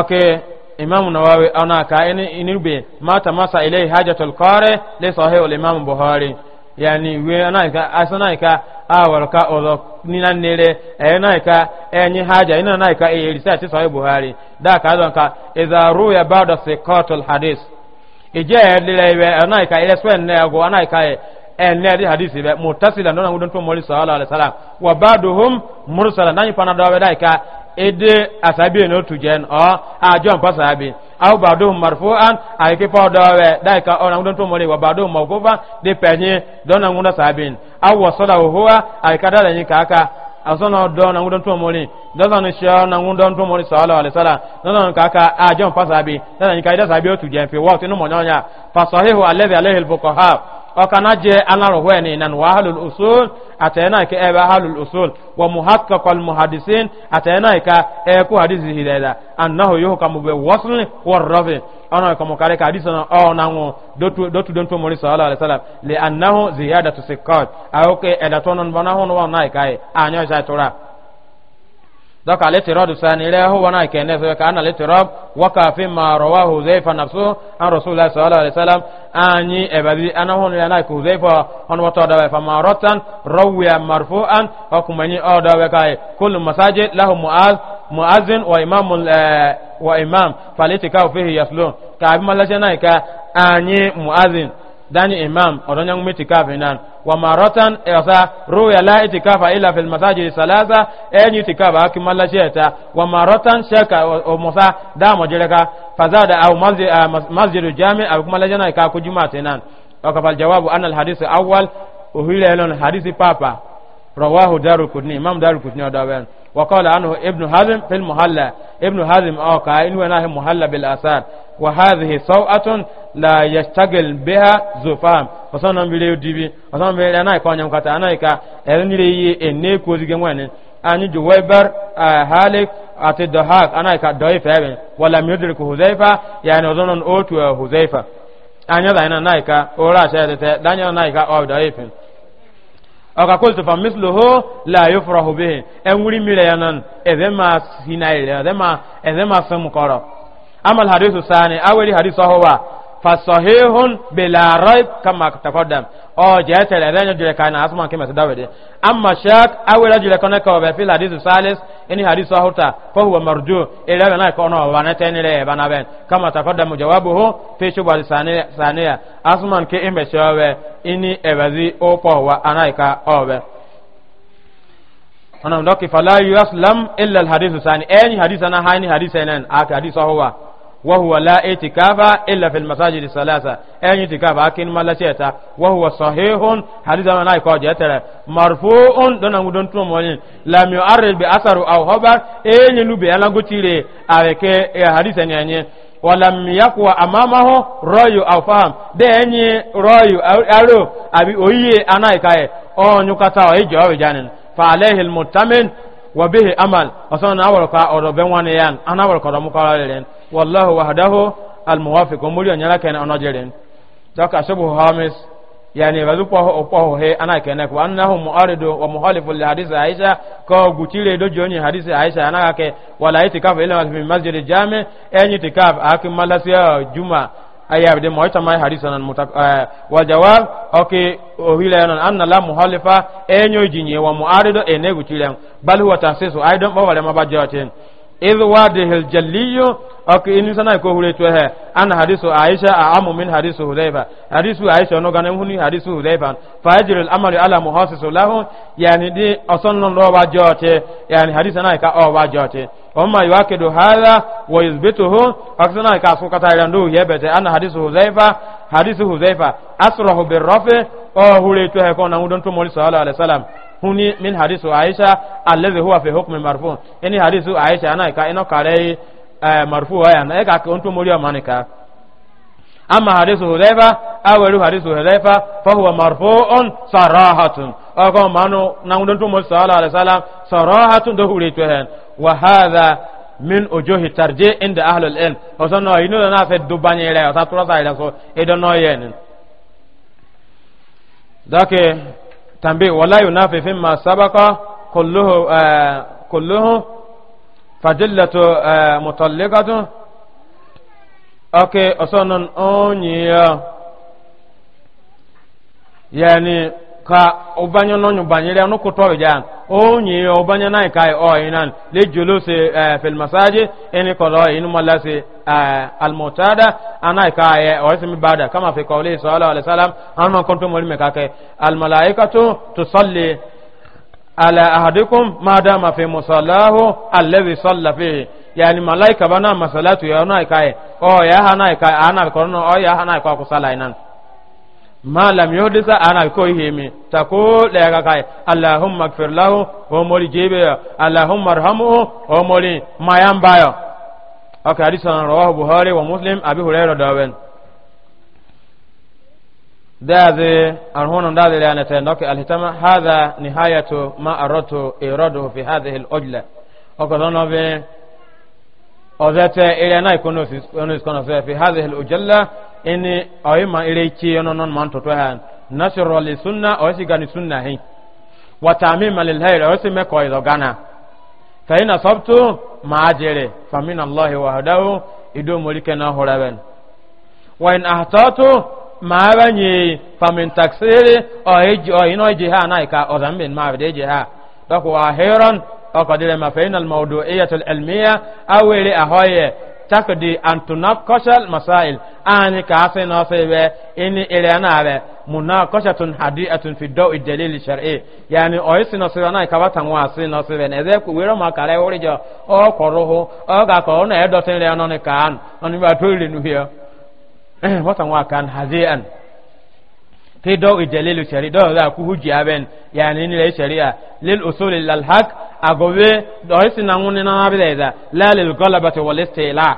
okay imamu nawawi ana ka ini inirbe mata masa ilai hajatul qari li sahih al imam buhari yani we ana ka asana ka awal ka odo nina nere e na ka enyi haja ina na ka e research sahih buhari da ka don ka idha ruya ba'da siqatul hadith ije e lelewe ana ka ile e swen ne go ana ka ene e di hadisi be mutasila ndona ngudon to moli sallallahu alaihi wasallam wa ba'duhum mursala nani pana dawe da ka ede asabi no tujen o a jon pasabi au badu marfu'an ay ke podo we dai ka ona ngdon to mole wa badu mawqufa de penye dona ngunda sabin au wasala huwa ay kada da ni kaka asona do na ngdon to mole dona ni sha na ngdon to mole sallallahu alaihi wasallam dona kaka a jon pasabi dona ni kaida sabi o tujen fi wa tinu mo nyonya fasahihu alladhi alaihi alfuqaha ọkana jẹ alarohwe ni nan wa halul usul atayana ke ebe halul usul wa muhakkakal muhadisin atayana ka e ku hadisi hidaida annahu yuhkamu bi wasl wa rafi ana ka mo kare ka hadisi na o na ngo dotu dotu don to mori sallallahu alaihi wasallam li annahu ziyadatu sikkat ayoke edatonon bana hono wa naikai anyo ja tora دوك على الاضطراب ثاني لا هو انا كان كان الاضطراب وقع فيما رواه حذيفه نفسه عن رسول الله صلى الله عليه وسلم اني ابي انا هون انا حذيفه هون وتدا فما رتن روي مرفوعا وكمني او دوك كل مساجد له مؤذن مؤذن وامام وامام فليتكاو فيه يصلون كابي ملجنا كا اني مؤذن dani imam odonyang mitikafi nan wa maratan esa ruya la itikafa illa fil masajid salasa en itikafa akimalla sheta wa maratan shaka o musa da mojereka fazada au masjid masjid jami au kumalla jana ka ku jumate nan wakafal jawabu anna al hadith awwal uhila elon hadith papa rawahu darul kutni imam darul kutni odawen وقال عنه ابن حزم في المحلى ابن حزم أو كائن وناه محلى بالآثار وهذه سوءة la yastagil zofam zufam osonon bire dibi osonon bire anai ko nyam kata anai ka elnire yi enne ko zige ngwane ani juwaibar halik ati dahak anai ka doifa ebe wala miyudrik huzaifa yani osonon otu huzaifa anya da ina nai ka ora sha tete danya nai ka o doifin aka kultu fa misluhu la yufrahu bihi enwuri mire yanan ezema sinaire ezema ezema samukoro amal hadithu sani aweli hadithu huwa fasahihun bila raib kama taqaddam o je tele renyo jure kana asman kema tadawede amma shak awela jure kana ka be fil hadith salis ini hadith sahuta fa huwa marju ila na ka ono wa na tenire bana ben kama taqaddam jawabuhu fi shubal saniya saniya asman ke imbe shawe ini ebazi o po wa anaika obe ana ndoki fala yuslam illa al hadith sani any hadith ana hani hadith enen aka hadith sahuwa وهو لا اعتكاف إلا في المساجد الثلاثة أي اعتكاف أكن ما لشيتا وهو صحيح حديث من أي قوة مرفوع دون أن دون تومولين لم يعرض بأثر أو خبر أي نلو بأنا قتيري أريك حديث نياني ولم يقوى أمامه رأي أو فهم ده أني رأي أو أبي أوي أنا إكاي أو نكتا أو إجوا بجانن فعليه المتمن wabihi amal wasan na awar ka odo ben wani yan an awar ka mu kala len wallahu wahdahu al muwafiq umuri on yala ken onojirin daka shabu hamis yani bazu po po he ana ken ko annahu mu'aridu wa muhalifu li hadith aisha ko gutire do joni hadith aisha ana ke wala itikaf ila fi masjid jami enyi itikaf akim malasiya juma aya de moita mai hadisa nan mutak eh, wa jawab oke o hila nan anna la muhalifa enyo jinye wa muarido eneguchilen bal huwa tahsisu aidan bawale mabajatin idh wadihi aljalliyu ok inu sana ko hure to he an hadisu aisha a amu min hadisu hudayba hadisu aisha no ganem huni hadisu hudayba fajir al amali ala muhasisu lahu yani di osonno no wa jote yani hadisa na ka o wa jote amma yuakidu hadha wa yuthbituhu aksana ka su kata randu yebete an hadisu hudayba hadisu hudayba asrahu birrafi o hure to he ko na mudon to moli sallallahu alaihi wasallam huni min hadisu aisha alladhi huwa fi hukmi marfu ini hadisu aisha ana ka ino kare eh, marfu aya na ka ko ntumuri amanika amma hadisu hudhaifa awalu hadisu hudhaifa fa huwa marfu'un sarahatun ako manu na ngudon tumo sallallahu alaihi wasallam sarahatun do huri to hen wa hadha min ujuhi tarji inda ahli al-ilm hosanno inu na fe dubanye re ta tura sa ire so edono yen dake tambe wala yunafi fi ma sabaka kulluhu kulluhu fadillatu mutalliqatu okay osonon onyiya yani ka ọbanye n'ọnyụ banyere n'ụkụtọ ọbịja onye ọbanye na ka ọyị na lejolo se e, felmasaji ịnị kọrọ ọyị n'ụmọla se e, almutada ana ka ayẹ ọyị simi bada kama fi kọwli sọlọ alẹsalam anọ kọntọ mọri mẹka kẹ almalaikatu tusalli ala ahadikum ma dama fi musallahu allazi salla fihi yani malaika bana masalatu ya na ka ayẹ ọyị ha na ana kọrọ ọyị ha na ka ọkụ inan ma lam yuhdisa ana ko himi ta ko da ga kai allahumma ighfir lahu wa oh moli jebe allahumma arhamu wa oh moli mayan bayo aka hadisa rawahu buhari wa muslim abi hurairah dawen daze arhono daze la na tan doke alhitama hadha nihayatu ma aratu iradu fi hadhihi alujla aka dono be ozete ile na ikonosis ikonosis fi hadhihi alujla ini oyima ire ci yono non man toto han nasru li sunna o si gani sunna hin wa tamim lil hayr o si me ko ido gana fa ina sabtu ma ajere fa min allah wa hadahu ido molike na horaben wa in ahtatu ma banyi fa min taksiri o eji o ino eji ha na ka o zambe ma be eji ha dako wa hayran o kadire ma fa ina al mawdu'iyatu al ilmiya awere ahoye takdi antunab koshal masail ani ka ase na ose be ini ile na be muna koshatun hadiatun fi dawi dalil shar'i yani oyisi na sira na ka bata nwa ase na ose be na ze ku wero ma kare wori jo o koruhu o ga ko na edo tin le no ka an oni ba to ile nu hia eh bata nwa kan hadian fi dawi dalil shar'i do la ku huji aben yani ni le sharia lil usul lil haq agobe doisi na nwunye na nabida ida lalil galabati wal istila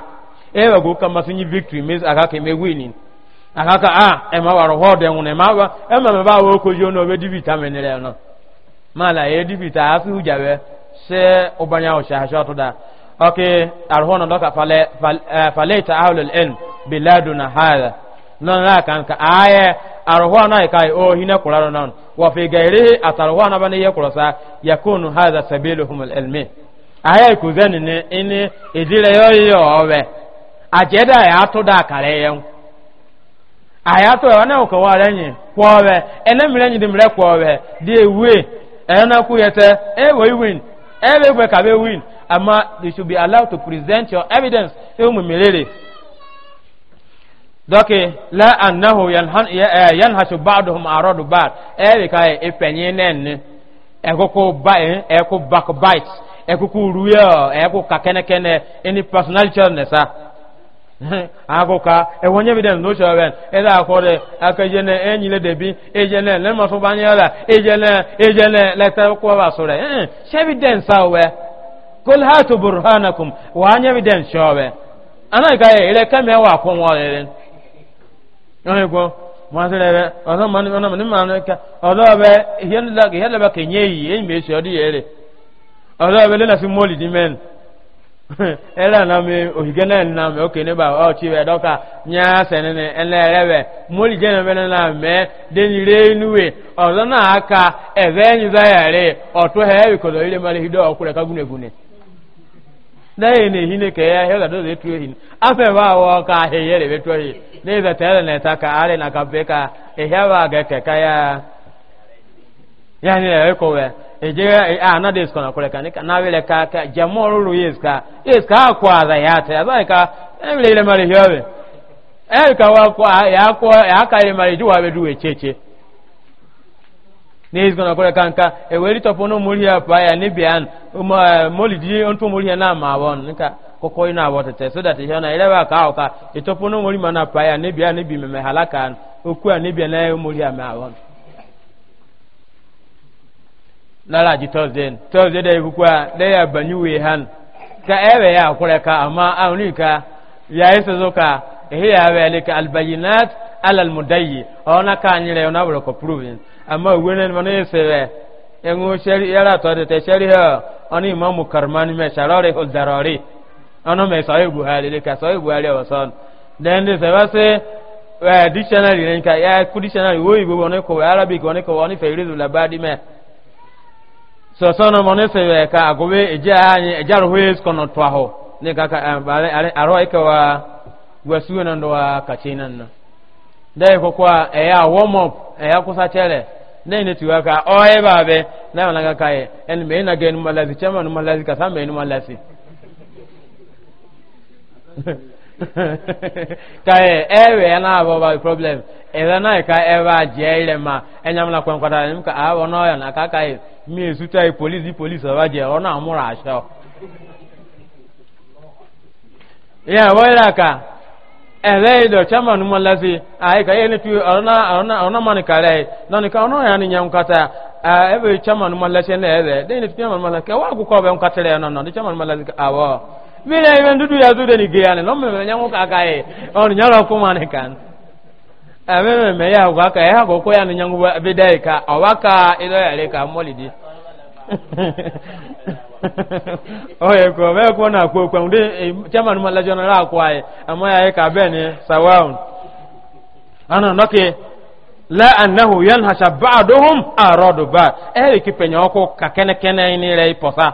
ewa go kama sunyi victory means aka ke me winning aka ka ah e ma waro ho de ma ba e ma ba wo ko yo no be di vitamin re no mala e di vita se obanya o sha sha to da okay doka fale eh, ahlul ilm biladuna hadha nana kan ka aye arwa na kai o hina kuraro nan wa fi gairi atarwa na bane ya kurasa yakunu hadha sabiluhum alilmi aye ku zani ne ini idire yoyo obe ajeda ya to da kare yan aya to wa na ko wala nyi ko obe ene mire nyi dimre ko obe de we ena ku yete e we win e be gbe ka be win ama you should be allowed to present your evidence e mu mirele dɔke la annahu euh, yanhasu ba'duhum aradu ba'd ɛbi kai ifenyi nenne ɛkoko bai ɛko backbite ɛkoko ruya ɛko kakenekene any personality ne sa ako ka ɛwɔnyɛ bi dɛm n'osɛ wɛn ɛdɛ akɔ dɛ akɛyɛ nɛ ɛnyilɛ dɛbi ɛyɛ nɛ lɛma so ba nyɛ la ɛyɛ nɛ ɛyɛ nɛ lɛtɛ kɔ ba so dɛ ɛn sɛ bi dɛm sa wɛ kol ha to burhanakum wa nyɛ bi dɛm sɛ wɛ ana ka yɛ ɛlɛ kɛmɛ wa kɔn wɔ yɛrɛ. onekwo masịrịbe ọzọ mmanụ ọnụ mmanụ mmanụ ka ọzọ bụ ihe nla ihe nla ka enye iyi enyi esi ọ dị ya ere ọzọ bụ na si mmoli dị na ohige na nna oke ne ba ọ dọka nya sene ne ele mmoli na be na me de nuwe ọzọ na aka ebe enyi za ya ere ọtụ ha ebi kọzọ ile mali hido ọkwụrụ ka ka ga afa he n'ebe tere na ta ka arị na kabe ka ihịawa ga keka ya ya ni ya ko we eje a na des kona kole ka na wele ka ka jamoro ru yes ka yes ka kwa za ya ta za ka wele ile mari hiwe e ka wa kwa ya kwa ya ka ile mari ju wa be duwe cheche n'ezi kona kole ka nka e weli topono muri ya pa ya ni bian mo molidi onto muri na ma won nka koko ina wata te so that yana ile ba ka ka ito pono muri mana pa ya ne bia ne bi halaka oku a ne bia na muri ame awon lara ji thursday thursday da iku kwa da ya banyu we han ka ewe ya akure ka ama awni ka ya yeso zo ka ehe ya we le ka albayinat ala almudayyi ona ka anyire ona bro ko proven ama wenen mana yesewe engu sheri yara to de te sheri ha oni imamu karmani me sharare hol darare ọ̀nà mẹ́ sọ́yìn buhari lele ka sọ́yìn buhari ọ̀sán then they say wá sí eh, ẹ̀ dictionary rẹ̀ nǹkan ẹ̀ kú dictionary wo ìgbò wọn kò wẹ́ arabic wọn kò wọ́n fẹ́ ìrìlù làbádì mẹ́ sọ̀sọ́ ọ̀nà mọ́ ní sẹ́yìn ẹ̀ka àgọ́wé ẹ̀jẹ̀ ààyè ẹ̀jẹ̀ àrùn hóyè kọ́nà tó àhọ́ ní kàkà àrọ́ ẹ̀kẹ́ wa gbẹ̀sùwẹ̀ náà lọ́wọ́ kàtsẹ́ náà nà dẹ́yìn kọ́kọ́ ẹ̀yà warm up ẹ̀yà kúsà tẹ́lẹ̀ nẹ́yìn tí wọ́n ká ọ́ ẹ̀ bá bẹ́ náà wọn kàkà yẹ ẹni mẹ́yìn nàgẹ́ ẹnu mọ́ lásì chairman mọ́ lásì kàtà mẹ́yìn mọ́ lásì. ka ewe e na abụba problem ebe na ka ebe a jee ire ma enya m na kwenkwatara m ka ahụ ya na aka akaghị e, m ezute polisi polisi ọba jee ọ na-amụrụ achọ ya e wela ka ebe ido chairman mmalasi ayi ka ihe netu ọna ọna ọna mani kare na ni ka ọna ya ni nyam kata ebe chairman mmalasi na ebe de ni chairman mmalasi ka wa ku ko be on katare no no chairman mmalasi ka awo mire ibe ndudu ya zude ni geyane no meme nyangu kaka e on nyalo kumane kan ameme eh, me ya waka ya e. go ko ya ni nyangu bidai ka awaka ilo e ya leka molidi oye ko be ko na ko ko ndi e, chairman mala general ko ai amma ya ka be ni sawaun ana noke la annahu yanhasha ba'dhum aradu ba e eh, ki penyo ko ka kene kene ni rei posa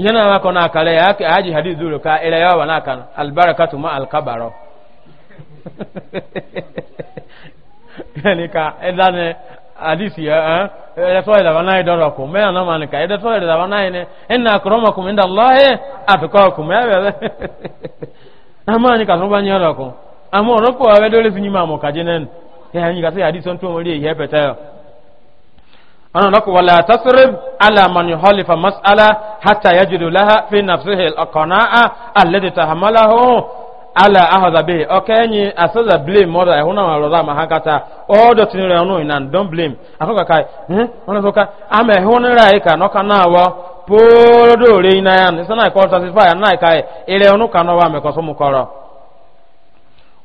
nyana wako na kale yake aji hadithi zuri ka ile yawa na kan albarakatu ma alkabaro yani ka edane hadisi ya eh ile toa ile wanai dora ko me na man ka ile toa ile wanai ne inna akramakum inda allah atqakum ya wele amani ka so banyara ko amoro ko awe dole sinyima mo kajenen ya nyi ka se hadisi on to mo أنا نقول ولا تصرف على من يخالف مسألة حتى يجد لها في نفسه القناعة الذي تحمله على أخذ به أوكي أساس blame mother هنا ولا ما هكذا all the things you know and don't blame أكوكا كاي هم أنا سوكا أما هنا رايكا نوكا ناوا polo do reina yan sana ko satisfy na kai ile onu kanwa me ko so mu koro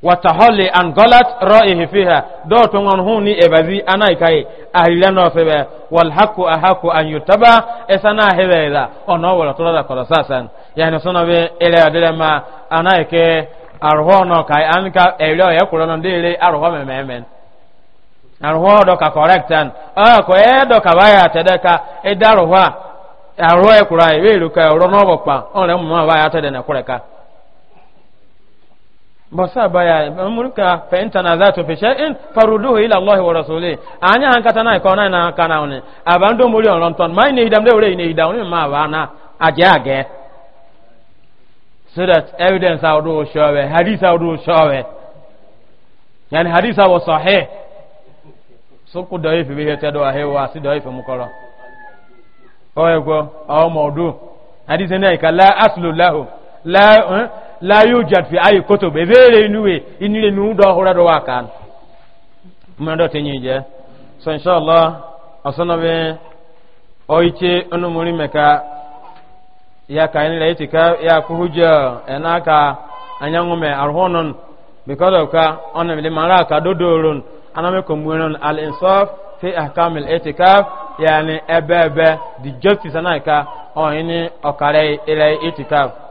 Watahole an golat ra'ihi fiha do to ngon hu ni ebazi anai kai ahila no sebe wal haqqu ahaqqu an yutaba esana hebeza ono wala to da kola sasan yani sono be ele adele ma anai ke arho no kai an ka ele ya kulo no dele arho mememen arho do ka correctan ah ko e do ka baya tedeka e daruwa arho e kurai e. we ruka e. ro no bokpa on le mu ma baya tedena kureka basa baya mulka fa in tanazatu fi shay'in farudduhu ila Allah wa rasulih anya han kata na ikona na kana one abando muri on ronton mai ne idam de ore ne idam ma ba na aje age so that evidence out do show we hadith out do show we yani hadith out sahih so ku da ifi bi te do ahe wa si ifi o ego o hadith ka la aslu lahu la eh? la yujad fi ayi kutub inuwe inire nu do hura do wakan mun do tinyi je so inshallah asana be oiche onu muri meka ya ka ni laiti ka ya ku enaka anyangu me arhonon because of ka onu le mara ka dodorun aname ko al insaf fi ahkam al itikaf yani ebebe justice anaka o ini okare ile itikaf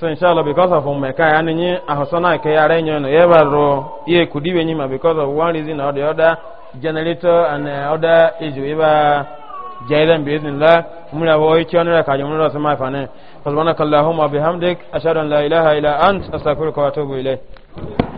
so inshallah because of umeka yani nyi ahosona ke yare nyono yebaro ye kudiwe nyima because of one reason or the other generator and uh, other issue eba jailan bi idhnillah mula wa yichi onira ka jumla ra sama fane subhanakallahumma bihamdik ashhadu an la ilaha illa ant astaghfiruka wa atubu ilayk